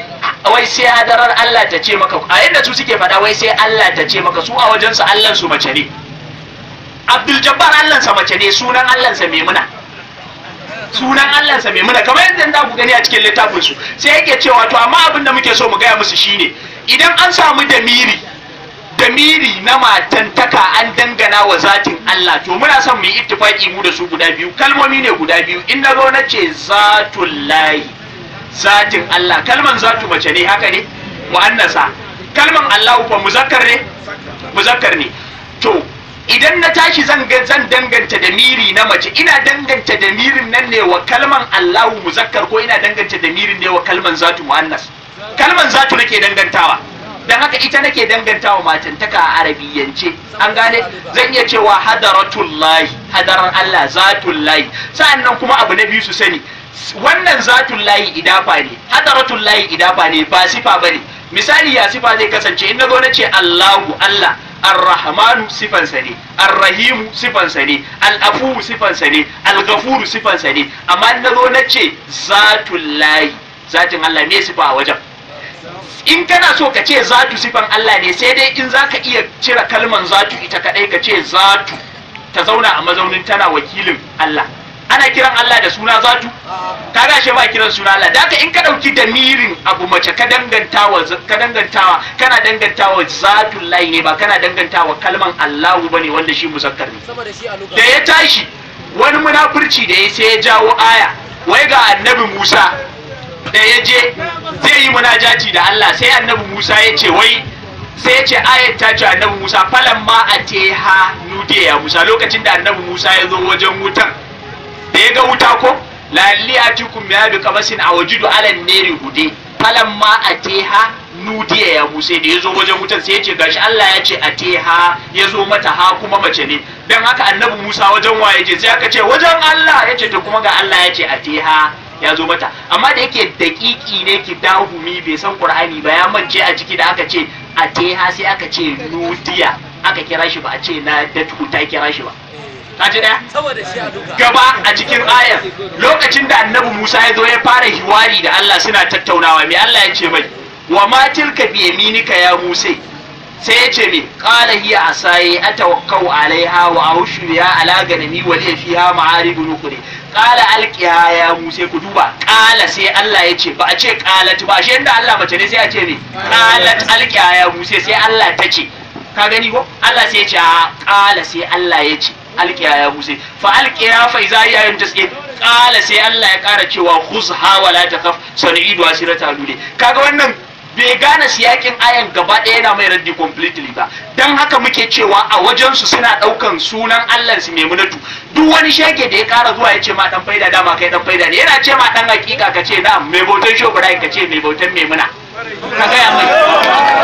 Speaker 1: wai sai hadarar Allah ta ce maka a yadda su suke faɗa wai sai Allah ta ce maka su a wajensu Allah su mace ne Abdul Jabbar Allah sa mace ne sunan Allah sa Maimuna sunan Allah sa Maimuna kamar yadda za ku gani a cikin littafin su sai yake cewa to amma abin da muke so mu gaya musu shine idan an samu damiri damiri na matantaka an dangana wa zatin Allah to muna son mu yi ittifaki mu da su guda biyu kalmomi ne guda biyu in na zo na ce zatullahi zatin Allah kalman zatu mace ne haka ne mu'annasa kalman Allah fa muzakkar ne muzakkar ne to idan na tashi zan zan danganta da miri na mace ina danganta da mirin nan ne wa kalman Allah muzakkar ko ina danganta da mirin ne wa kalman zatu mu'annas kalman zatu nake dangantawa dan haka ita nake dangantawa taka a arabiyance an gane zan iya cewa hadaratullahi hadaran Allah zatullahi sa'annan kuma abu na biyu su sani wannan zatun layi idafa ne hadaratun layi idafa ne ba sifa ba ne misali ya sifa zai kasance in na zo na ce allahu allah arrahmanu sifansa ne arrahimu sifansa ne al'afuwu sifansa ne gafuru sifansa ne amma in zo na ce zatun layi zatin allah ne sifa a wajen in kana so ka ce zatu sifan allah ne sai dai in za ka iya cire kalman zatu ita kaɗai ka ce zatu ta zauna a mazaunin tana wakilin allah ana kiran Allah da suna zatu ka ga shi ba kiran suna Allah da in ka dauki mirin abu mace ka dangantawa ka dangantawa kana dangantawa zatu Allah ne ba kana dangantawa kalman Allahu bane wanda shi musakkar ne da ya tashi wani munafurci da ya sai ya jawo aya wai ga annabi Musa da ya je zai yi munajati da Allah sai annabi Musa ya ce wai sai ya ce ayat ta ce annabi Musa falan ma a teha nudiya Musa lokacin da annabi Musa ya zo wajen wutan da ya ga wuta ko lalli atikum ya bi kamasin a wajidu alan neri hude falan ma a teha nudiya ya buse da ya zo wajen wutar sai ya ce gashi Allah ya ce a teha ya zo mata ha kuma mace ne dan haka annabi Musa wajen wa ya sai aka ce wajen Allah ya ce to kuma ga Allah ya ce a teha ya zo mata amma da yake daƙiƙi ne ki dahumi bai san ƙur'ani ba ya mance a ciki da aka ce a teha sai aka ce nudiya aka kira shi ba a ce na datu ta kira shi ba kaji daya gaba a cikin ayar lokacin da annabi Musa ya zo ya fara hiwari da Allah suna tattaunawa me Allah ya ce mai wa ma tilka bi yaminika ya Musa sai ya ce me qala hiya asayi atawakkau alaiha wa aushu biha ala ganami wa li fiha ma'aribun ukhra qala alqiha ya Musa ku duba qala sai Allah ya ce ba a ce qalat ba shi inda Allah mace ne sai a ce me qalat alqiha ya Musa sai Allah ta ce ka gani ko Allah sai ya ce a qala sai Allah ya ce alkiya ya bushe fa alkiya fa iza ya yun taske qala sai Allah ya kara cewa khuzha wa la takhaf sanidu asirata dude kaga wannan bai gane siyakin ayan gaba ɗaya yana mai raddi completely ba dan haka muke cewa a wajen su suna ɗaukan sunan Allah su munatu duk wani shege da ya kara zuwa ya ce ma dan faida dama kai dan faida ne yana ce ma dan hakika ka ce na mai bautan shobrai ka ce mai bautan muna ka gaya mai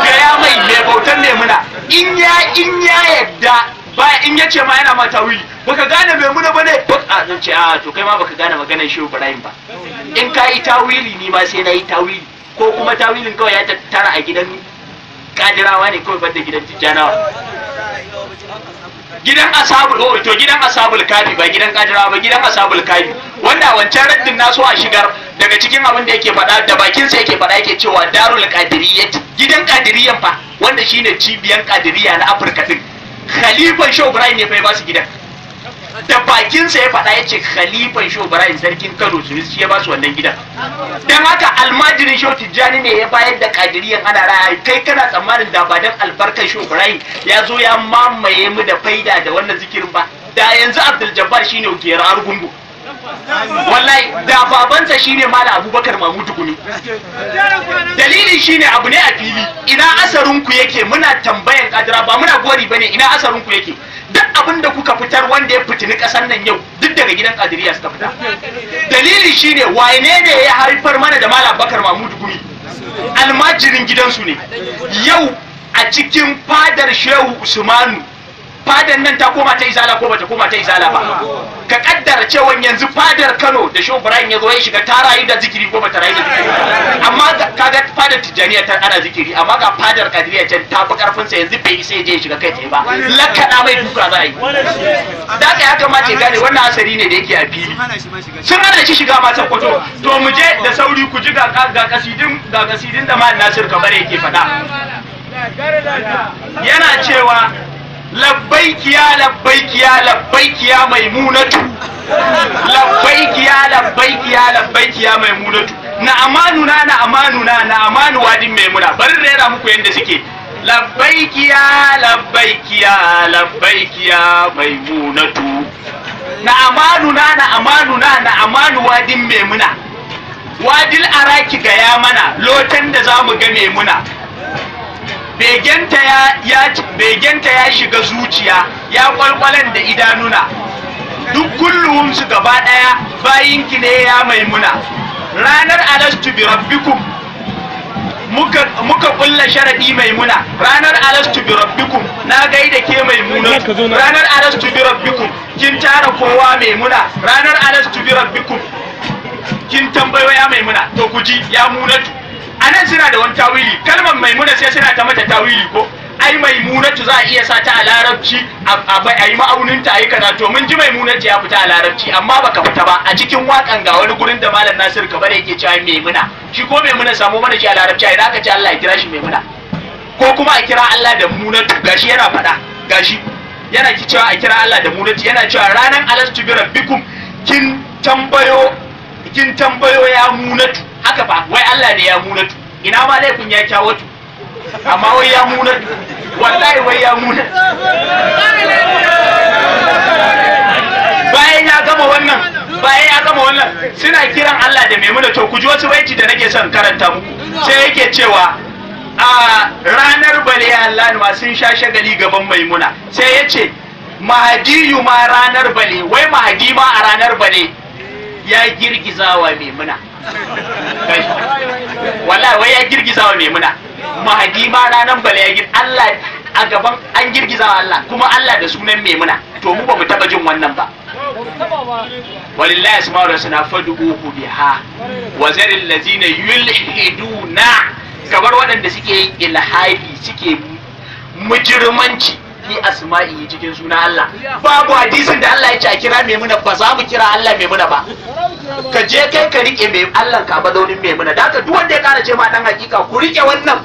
Speaker 1: gaya mai mai bautan muna in ya in ya yadda baya in yace ma yana mata wili baka gane mai muna bane a zan ce a to kai ma baka gane maganar shehu ibrahim ba in ka yi tawili ni ma sai na yi tawili ko kuma tawilin kawai ya tattara a gidan kadirawa ne kawai banda gidan tijjanawa gidan asabul oh to gidan asabul kafi ba gidan kadirawa ba gidan asabul kafi wanda wancan raddin naso a shigar daga cikin abin da yake faɗa da bakin sa yake faɗa yake cewa darul qadiriyya gidan qadiriyyan fa wanda shine cibiyan qadiriya na Afirka din khalifan shehu ibrahim ne fa ya ba su gidan da bakinsa ya faɗa ya ce khalifan shehu ibrahim sarkin kano su shi ya ba su wannan gidan dan haka almajirin shehu tijjani ne ya bayar da kadiriyan ana raya kai kana tsammanin da ba don albarkar shehu ibrahim ya zo ya mamaye mu da faida da wannan zikirin ba da yanzu abdul jabbar shine gera argungu
Speaker 2: wallahi da
Speaker 1: babansa shine mala abubakar mamudu gumi
Speaker 2: Dalili shine abu ne a
Speaker 1: fili ina asarin yake muna tambayan kadira ba muna gori bane ina asarin yake duk abin da kuka fitar wanda ya fitini kasar nan yau duk daga gidan kadiriya suka fita dalili shine wane ne ya haifar mana da mala abubakar mamudu gumi almajirin gidansu ne yau a cikin fadar shehu usmanu fadar nan ta koma ta izala ko bata koma ta izala ba ka kaddara cewa yanzu fadar Kano da Shehu Ibrahim ya zo ya shiga ta rayu da zikiri ko bata rayu da zikiri amma kaga fadar Tijaniya ta ana zikiri amma ga fadar Kadiriya can ta fi karfin sa yanzu bai sai je ya shiga kai tsaye ba lakada mai duka za a yi da ka ya kamata ya gane wannan asari ne da yake a fili sun hana shi shiga ma kwato to mu je da sauri ku ji ga kasidin ga kasidin da ma Nasir Kabare yake faɗa yana cewa labbaikiya labbaikiya labbaikiya maimunatu labbaikiya labbaikiya labbaikiya maimunatu na amanuna na amanuna na amanu wadin maimuna bari rera muku yadda suke labbaikiya labbaikiya labbaikiya maimunatu na amanuna na amanuna na amanu wadin maimuna wadil araki ga ya mana lotan da za mu ga maimuna ta ya shiga zuciya ya kwalkwalan da idanuna duk kullum su gaba daya ki ne ya maimuna ranar alastu bi rabbikum muka muka kulla sharadi maimuna ranar alastu bi rabbikum na gaida ke maimuna ranar alastu bi rabbikum kin tara kowa maimuna ranar alastu bi rabbikum kin tambayo ya maimuna to kuji ya munatu a nan suna da wani tawili kalmar maimuna sai suna ta mata tawili ko ai maimunatu za a iya sa ta a larabci a yi ma'auninta a yi kaza to mun ji maimunatu ya fita a larabci amma baka fita ba a cikin wakan ga wani gurin da malam nasir kabar yake cewa maimuna shi ko maimuna samu mana shi a larabci a ina aka ce Allah ya kira shi maimuna ko kuma a kira Allah da munatu gashi yana faɗa gashi yana cewa a kira Allah da munatu yana cewa ranar alastu bi kin tambayo kin tambayo ya munatu haka ba wai Allah ne ya munatu ina ma laifin ya tu amma wai ya munatu wallahi wai ya munatu bayan ya gama wannan bayan ya gama wannan suna kiran Allah da mai to ku ji wasu baiti da nake son karanta muku sai yake cewa a ranar bale Allah ne sun sha shagali gaban maimuna sai ya ce mahadiyu ma ranar bale wai mahadi ma a ranar bale ya girgizawa maimuna wala wai ya girgiza wa maimuna mahadi ma ranar bala ya girgiza Allah a gaban an girgiza wa Allah kuma Allah da sunan maimuna to mu ba mu taba jin wannan ba walillahi asma'ul husna fad'uhu biha wa zaril ladina yulhiduna kamar waɗanda suke ilhadi suke mujirmanci fi asma'i cikin suna Allah babu hadisin da Allah ya ce a kira maimuna ba za mu kira Allah maimuna ba ka je kai ka rike mai Allah ka ba zaunin maimuna da haka duk wanda ya kara ce ma dan hakika ku rike wannan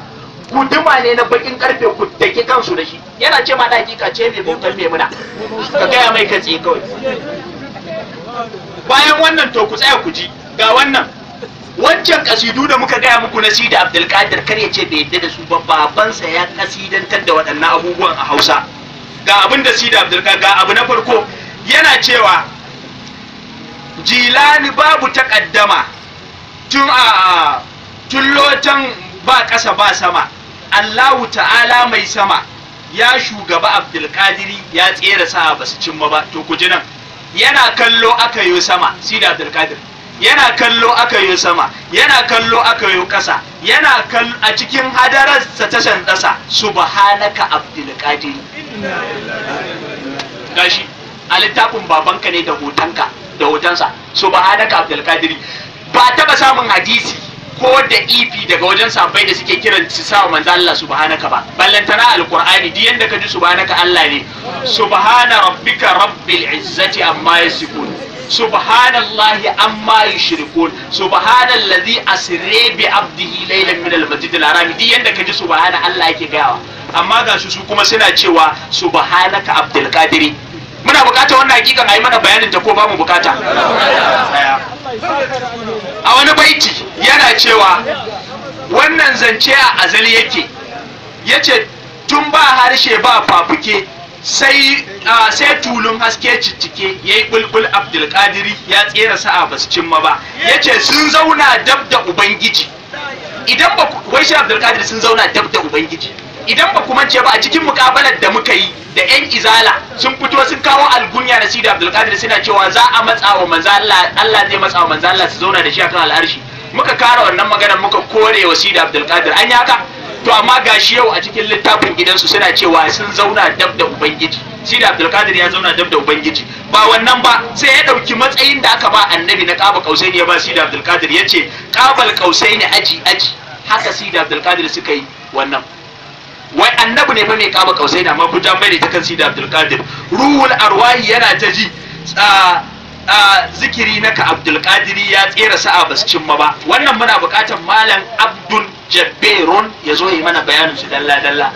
Speaker 1: guduma ne na bakin karfe ku take kansu da shi yana ce ma dan hakika ce mai bautan maimuna ka gaya mai ka tsi kawai bayan wannan to ku tsaya ku ji ga wannan wancan kasidu da muka gaya muku na sida abdulkadir kar ya ce bai yadda da su ba babansa ya kasidantar da waɗannan abubuwan a hausa ga abin da sida abdulkadir ga abu na farko yana cewa jilani babu takaddama tun a tun lotan ba ƙasa ba sama allahu ta'ala mai sama ya shugaba abdulkadiri ya tsere sa ba su cimma ba to ku ji nan yana kallo aka yi sama sida abdulkadir yana kallo aka yi sama yana kallo aka yi ƙasa yana kallo a cikin hadararsa tashan ƙasa subhanaka abdul qadir gashi a littafin babanka ne da hotanka da hotonsa subhanaka abdul qadir ba taba samun hadisi ko da ifi e daga wajen sabai da suke kiran su sa manzo Allah subhanaka ba ballantana alqur'ani diyan yanda ka ji subhanaka Allah ne subhana rabbika rabbil izzati amma yasifun subhanallahi amma yushrikun subhanallazi asire bi abdihi laylan min al-masjid al-haram di yanda kaji subhana Allah yake gawa. amma ga su su kuma suna cewa subhanaka abdul qadiri muna bukata wannan hakikan ayi mana bayanin ta ko ba bukata
Speaker 2: a wani baiti yana cewa
Speaker 1: wannan zance a azali yake yace tun ba harshe ba fafuke sai sai tulun haske ciccike ya yi bulbul abdulkadiri ya tsera sa'a ba su cimma ba ya ce sun zauna dab da ubangiji idan ba wai shi abdulkadir sun zauna dab da ubangiji idan ba kuma ce ba a cikin mukabalar da muka yi da yan izala sun fito sun kawo algunya na sida abdulkadir suna cewa za a matsa wa manzo Allah Allah zai matsa wa manzo Allah su zauna da shi akan al'arshi muka kara wannan maganar muka kore wa sida abdulkadir an yi haka to amma gashi yau a cikin littafin gidansu suna cewa sun zauna dab da ubangiji shi da abdulkadir ya zauna dab da ubangiji ba wannan ba sai ya ɗauki matsayin da aka ba annabi na kaba kausaini ya ba shi da abdulkadir ya ce kabal kausaini aji aji haka shi da abdulkadir suka yi wannan wai annabi ne fa mai kaba kausaini amma kujan bai da ta kan shi da abdulkadir ruhul arwahi yana ta ji ah, a zikiri na ka abdul ya tsera sa'a basu cimma ba wannan muna buƙatar malam abdul jabberun ya zo yi mana bayanin su dalla dalla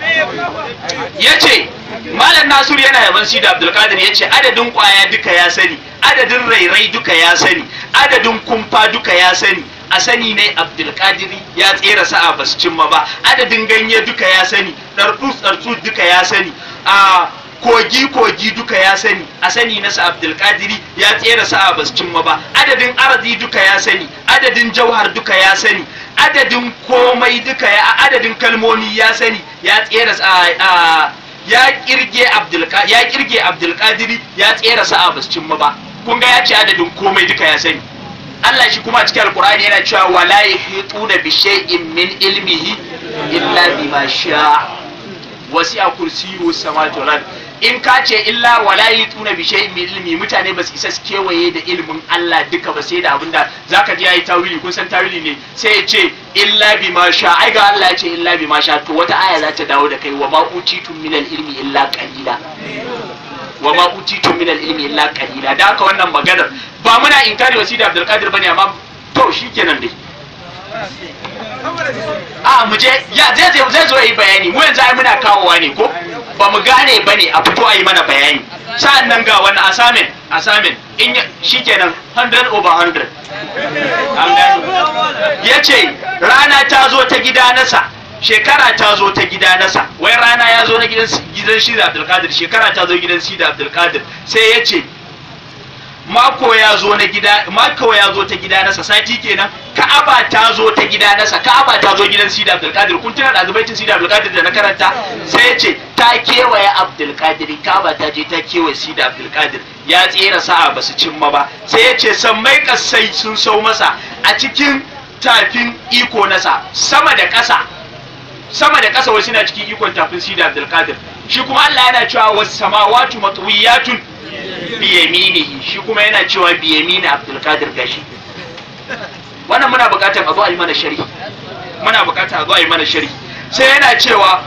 Speaker 1: ya malam nasiru yana yaban sida abdul qadir ya ce adadin kwaya duka ya sani adadin rairai duka ya sani adadin kumfa duka ya sani a sani ne abdul ya tsera sa'a basu cimma ba adadin ganye duka ya sani dartsu dartsu duka ya sani a kogi-kogi duka ya sani a sani na kadiri ya tsere sa a cimma ba adadin arzi duka ya sani adadin jauhar duka ya sani adadin komai duka ya adadin kalmomi ya sani ya tsere sa ya kirge Abdul ya kirge kadiri ya tsere sa a cimma ba kun ga ya ce adadin komai duka ya sani Allah shi kuma cikin alkur'ani yana cewa wala yahituna bi shay'in min ilmihi illa bima sha. wasi'a kursiyyu samawati wal ardh in ka ce illa walayi yi tuna bishe mai ilimi mutane ba su isa su kewaye da ilimin Allah duka ba sai da abin da za ka ji ya yi tawili kun san tawili ne sai ya ce illa bi ma sha ai ga Allah ya ce illa bi ma sha to wata aya za ta dawo da kai wa ma tun min ilmi illa qalila wa ma tun min ilmi illa qalila da haka wannan maganar ba muna inkari wasida Abdul Qadir bane amma to shikenan dai a mu je ya je je zai zo yi bayani mu yanzu ai muna kawowa ne ko ba mu gane ba ne a fito a yi mana bayani sa'an nan ga wani assignment assignment in shikenan 100 over 100 an gano ya ce rana ta zo ta gida nasa shekara ta zo ta gida nasa wai rana ya zo na gidan gidan shi da abdulkadir shekara ta zo gidan shi da abdulkadir sai ya ce mako ya zo na gida mako ya zo ta gida nasa sati kenan ka'aba ta zo ta gida nasa ka'aba ta zo gidan sida abdulkadir kun tana ɗalibaitin sida abdulkadir da na karanta sai ce ta kewaye abdulkadir ka'aba ta je ta kewaye sida abdulkadir ya tsera sa'a basu cimma ba sai ya ce mai kasai sun sau masa a cikin tafin iko nasa sama da ƙasa sama da kasa wasu na cikin ikon tafin sida abdulkadir shi kuma allah yana cewa wasu samawatu matwiyatun biyaminihi shi kuma yana cewa biyamini abdulkadir gashi wannan muna bukatar a zo a yi mana shari muna bukatar a zo a yi mana shari sai yana cewa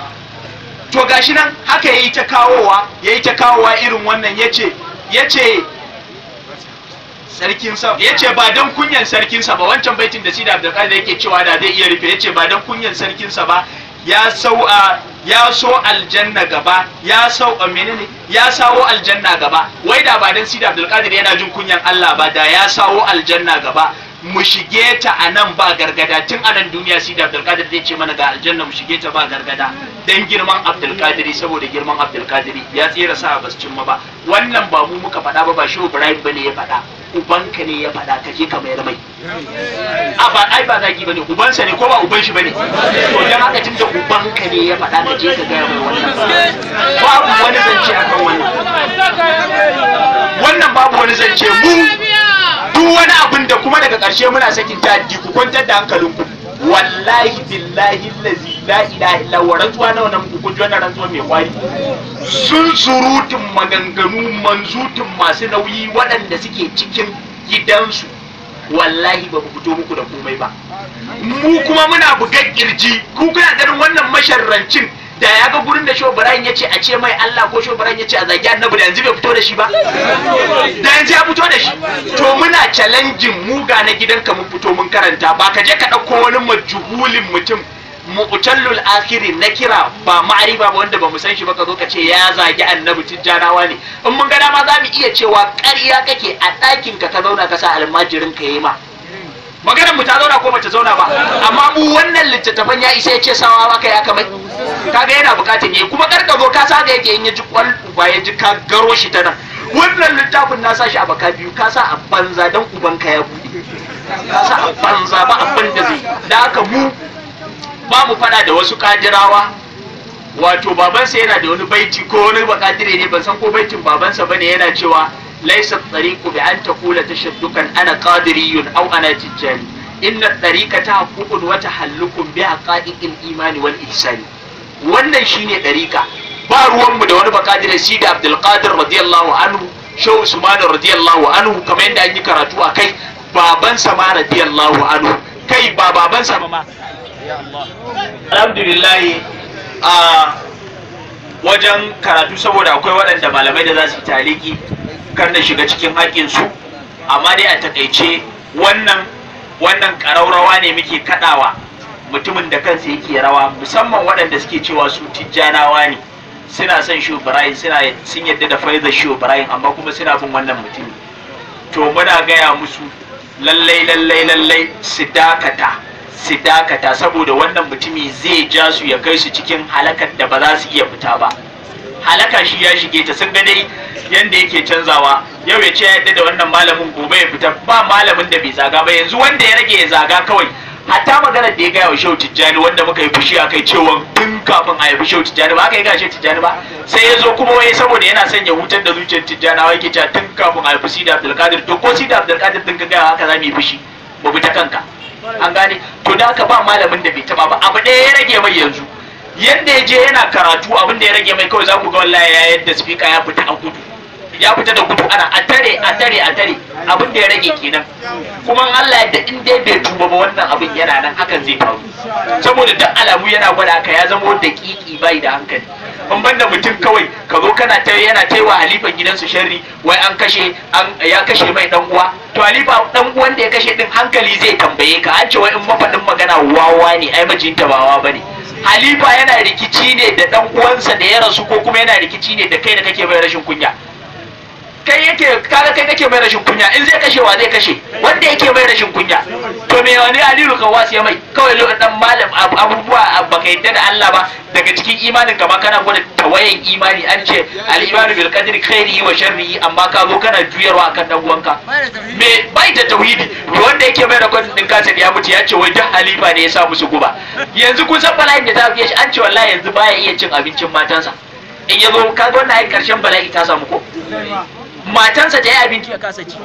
Speaker 1: to gashi nan haka yayi ta kawowa yayi ta kawowa irin wannan yace yace sarkin sa yace ba dan kunyan sarkin sa ba wancan baitin da da Abdulkadir yake cewa da zai iya rufe yace ba dan kunyan sarkin sa ba ya a ya so aljanna gaba ya menene ya sawo aljanna gaba wai da ba si da abdulkadir yana jin kunyan Allah ba da ya sawo aljanna gaba mu shige ta a nan ba gargada tun anan nan duniya da abdulkadir zai ce mana ga aljanna mu shige ta ba gargada dan girman abdulkadiri saboda girman abdulkadiri ya tsira sa basu cimma ba wannan ba mu muka faɗa ba ba shi ibrahim bane ya faɗa ubanka ne ya faɗa ka je ka mai mai a ba ai ba zagi bane ubansa ne ko ba uban shi bane to dan haka tunda uban ka ne ya faɗa ka je ka ga mai wannan babu wani zance akan wannan wannan babu wani zance mu duk wani abin da kuma daga ƙarshe muna sakin ta ku kwantar da hankalinku wallahi billahi lazi la ilaha illa wa rantsuwa na wannan hukunci wannan rantsuwa mai kwari sun surutun maganganu manzutun masu nauyi waɗanda suke cikin gidansu wallahi ba ku fito muku da komai ba mu kuma muna bugar kirji ku kuna ganin wannan masharrancin da ya ga gurin da shi Ibrahim ya ce a ce mai Allah ko shi ya ce a zagi annabi da yanzu bai fito da shi ba da yanzu ya fito da shi to muna challenging muga na gidanka mu fito mun karanta ba ka je ka ɗauko wani majhulin mutum mu'tallul akhiri na kira ba ma'ariba ba wanda ba mu san shi ba ka zo ka ce ya zagi annabi tijjanawa ne in mun ga ma za mu iya cewa ƙarya kake a ɗakin ka ta zauna ka sa almajirin ka yi ma maganar mu ta zauna ko bata zauna ba amma mu wannan littattafan ya isa ya ce sawa maka ya kamar kaga yana bukatun yayi kuma ka zo ka saka yake in ya ji kwal ba ya ji ka garo shi ta nan wannan littafin na sa shi a baka biyu ka sa a banza dan uban ka ya bude ka sa a banza ba abin da zai da haka mu ba mu fada da wasu kadirawa wato babansa yana da wani baiti ko wani bakadire ne ban san ko baitin babansa bane yana cewa laisa tsariku bi an taqula tashaddukan ana qadiriyun aw ana tijjani inna tsarika ta hukun wata hallukun bi haqa'iqil imani wal ihsani wannan shine ɗarika. ba ruwan mu da wani bakadire shi da abdul qadir radiyallahu anhu shehu usman radiyallahu anhu kamar yadda an yi karatu a kai babansa ma radiyallahu anhu kai ba babansa ba ma alhamdulillah a wajen karatu saboda akwai waɗanda malamai da za su taliki kan da shiga cikin haƙinsu amma dai a takaice wannan wannan ƙaraurawa ne muke kaɗawa mutumin da kansa yake rawa musamman waɗanda suke cewa su tijjanawa ne suna son shi suna sun yadda da faizar shi Ibrahim amma kuma suna bin wannan mutumi to muna gaya musu lallai lallai lallai su dakata su dakata saboda wannan mutumi zai ja su ya kai su cikin halakar da ba za su iya fita ba halaka shi ya shige ta sun ga dai yanda yake canzawa yau ya ce ya yadda da wannan malamin gobe ya fita ba malamin da bai zaga ba yanzu wanda ya rage ya zaga kawai hatta maganar da ya gaya wa shau tijjani wanda muka yi fushi a kai cewa tun kafin a yabi shau tijjani ba aka yi gashi tijjani ba sai ya zo kuma wai saboda yana son ya hutar da zuciyar tijjani wai ke cewa tun kafin a yabi sida abdulkadir to ko sida abdulkadir din ka gaya haka za mu yi fushi mu bi ta kanka an gane to da aka ba malamin da bai taba ba abu ɗaya ya rage mai yanzu yanda ya je yana karatu abin da ya rage mai kawai za ku ga wallahi ya yadda speaker ya fita a gudu ya fita da gudu ana a tare a tare a tare abin da ya rage kenan kuma Allah yadda da in dai bai tuba ba wannan abin yana nan hakan zai faru saboda duk alamu yana gwada ka ya zama wanda kiki bai da hankali in banda mutum kawai ka zo kana ta yana ta wa halifan gidansu sharri wai an kashe ya kashe mai dan uwa to halifa dan uwan da ya kashe din hankali zai tambaye ka an ce wai in mafadin magana wawa ne ai mijinta bawa bane halifa yana rikici ne da dan uwansa da ya rasu ko kuma yana rikici ne da kai da kake bai rashin kunya kai yake kaga kai kake mai rashin kunya in zai kashe wa zai kashe wanda yake mai rashin kunya to me wani alilu kawas ya mai kawai lo dan malam abubuwa baka yadda da Allah ba daga cikin imanin ka ma kana gwada tawayen imani an ce al imanu bil qadri khairihi wa sharrihi amma ka zo kana juyarwa akan dan uwanka me bai da tauhidi wanda yake mai rakon din kasa ya mutu ya ce wai duk halifa ne ya sa musu guba yanzu kun san bala'in da ta fiye shi an ce wallahi yanzu baya iya cin abincin matansa in yazo ga wannan ai karshen bala'i ta samu ko matansa ta yi abinci ya kasa ci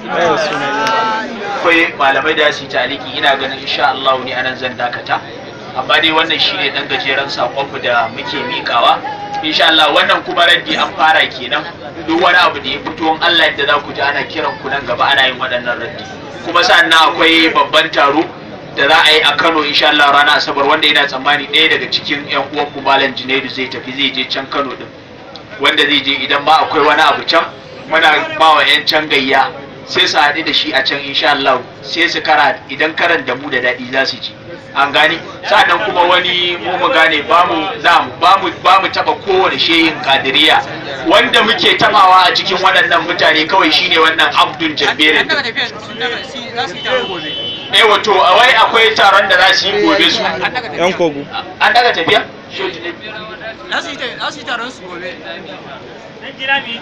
Speaker 1: akwai malamai da su taliki ina ganin insha Allah ne anan zan dakata amma dai wannan shine ɗan gajeren saƙonku da muke mikawa insha Allah wannan kuma raddi an fara kenan duk wani abu da ya fito in Allah yadda za ku ji ana kiran ku nan gaba ana yin waɗannan raddi kuma na akwai babban taro da za a yi a Kano insha Allah ranar Asabar wanda ina tsammani ɗaya daga cikin 'yan uwan ku Malam Junaidu zai tafi zai je can Kano din wanda zai je idan ba akwai wani abu can muna ba wa 'yan can gayya sai su haɗu da shi a can insha Allah sai su kara idan karan da mu da daɗi za su ji an gani sa'adan kuma wani mu mu gane ba mu taɓa ba mu ba mu taba kowane shehin kadiriya wanda muke tabawa a cikin waɗannan mutane kawai shine wannan Abdul Jabberin eh wato wai akwai taron da za su yi gobe su an daga tafiya za su yi taron su gobe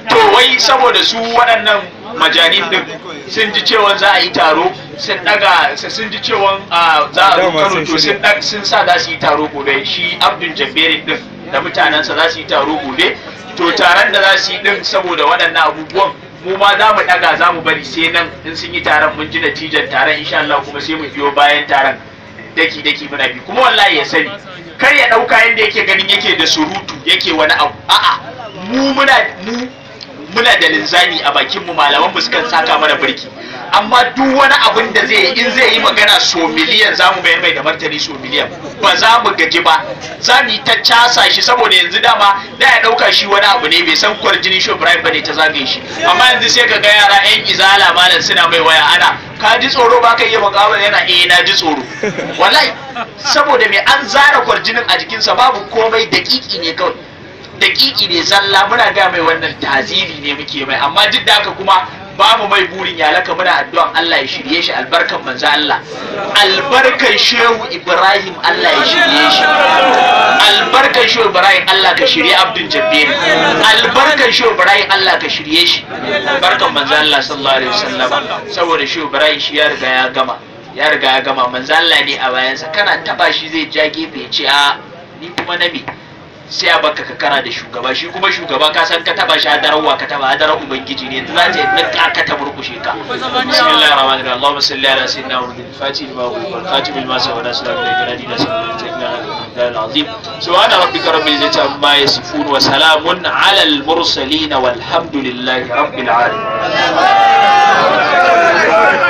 Speaker 1: to wai saboda su waɗannan majanin din sun ji cewa za a yi taro sun daga sun ji cewa za a karo to sun sa za su yi taro gobe shi abdul jabberi din da mutanensa za su yi taro gobe to taron da za su yi din saboda waɗannan abubuwan mu ma za mu daga za mu bari sai nan in sun yi taron mun ji natijar taron insha Allah kuma sai mu biyo bayan taron daki daki muna bi kuma wallahi ya sani kar ya dauka yanda yake ganin yake da surutu yake wani abu a'a mu muna muna da linzami a bakin mu malaman fuskan saka mana birki amma duk wani abin da zai in zai yi magana so miliyan zamu bayar mai da martani so miliyan ba za mu gaji ba za mu ta casa shi saboda yanzu dama da ya dauka shi wani abu ne bai san kwar jini shi Ibrahim bane ta zagaye shi amma yanzu sai ka ga yara yan izala malam suna mai waya ana ka ji tsoro ba ka iya mukabala yana eh na ji tsoro wallahi saboda me an zara kwarjinin a jikinsa babu komai dakiki ne kawai dakiki ne sallah muna ga mai wannan taziri ne muke mai amma duk da haka kuma babu mai burin ya laka muna addu'an Allah ya shirye shi albarkan manzo Allah albarkan shehu Ibrahim Allah ya shirye shi albarkan shehu Ibrahim Allah ka shirye Abdul Jabbir albarkan shehu Ibrahim Allah ka shirye shi albarkan manzo Allah sallallahu alaihi wasallam saboda shehu Ibrahim shi ya riga ya gama ya riga ya gama manzo Allah ne a bayansa kana taba shi zai ja gefe ya ce a ni kuma na me. sai a baka ka kara da shugaba shi kuma shugaba ka san ka taba shi wa ka taba darawa ubangiji ne yanzu za ta yi ka ka ta burkushe ka bismillahir rahmanir rahim allahumma salli ala sayyidina muhammadin fatih ma huwa wal khatim lima sabara sallallahu alaihi wa sallam azim subhana rabbika rabbil izzati amma yasifun wa salamun ala al mursalin walhamdulillahi rabbil alamin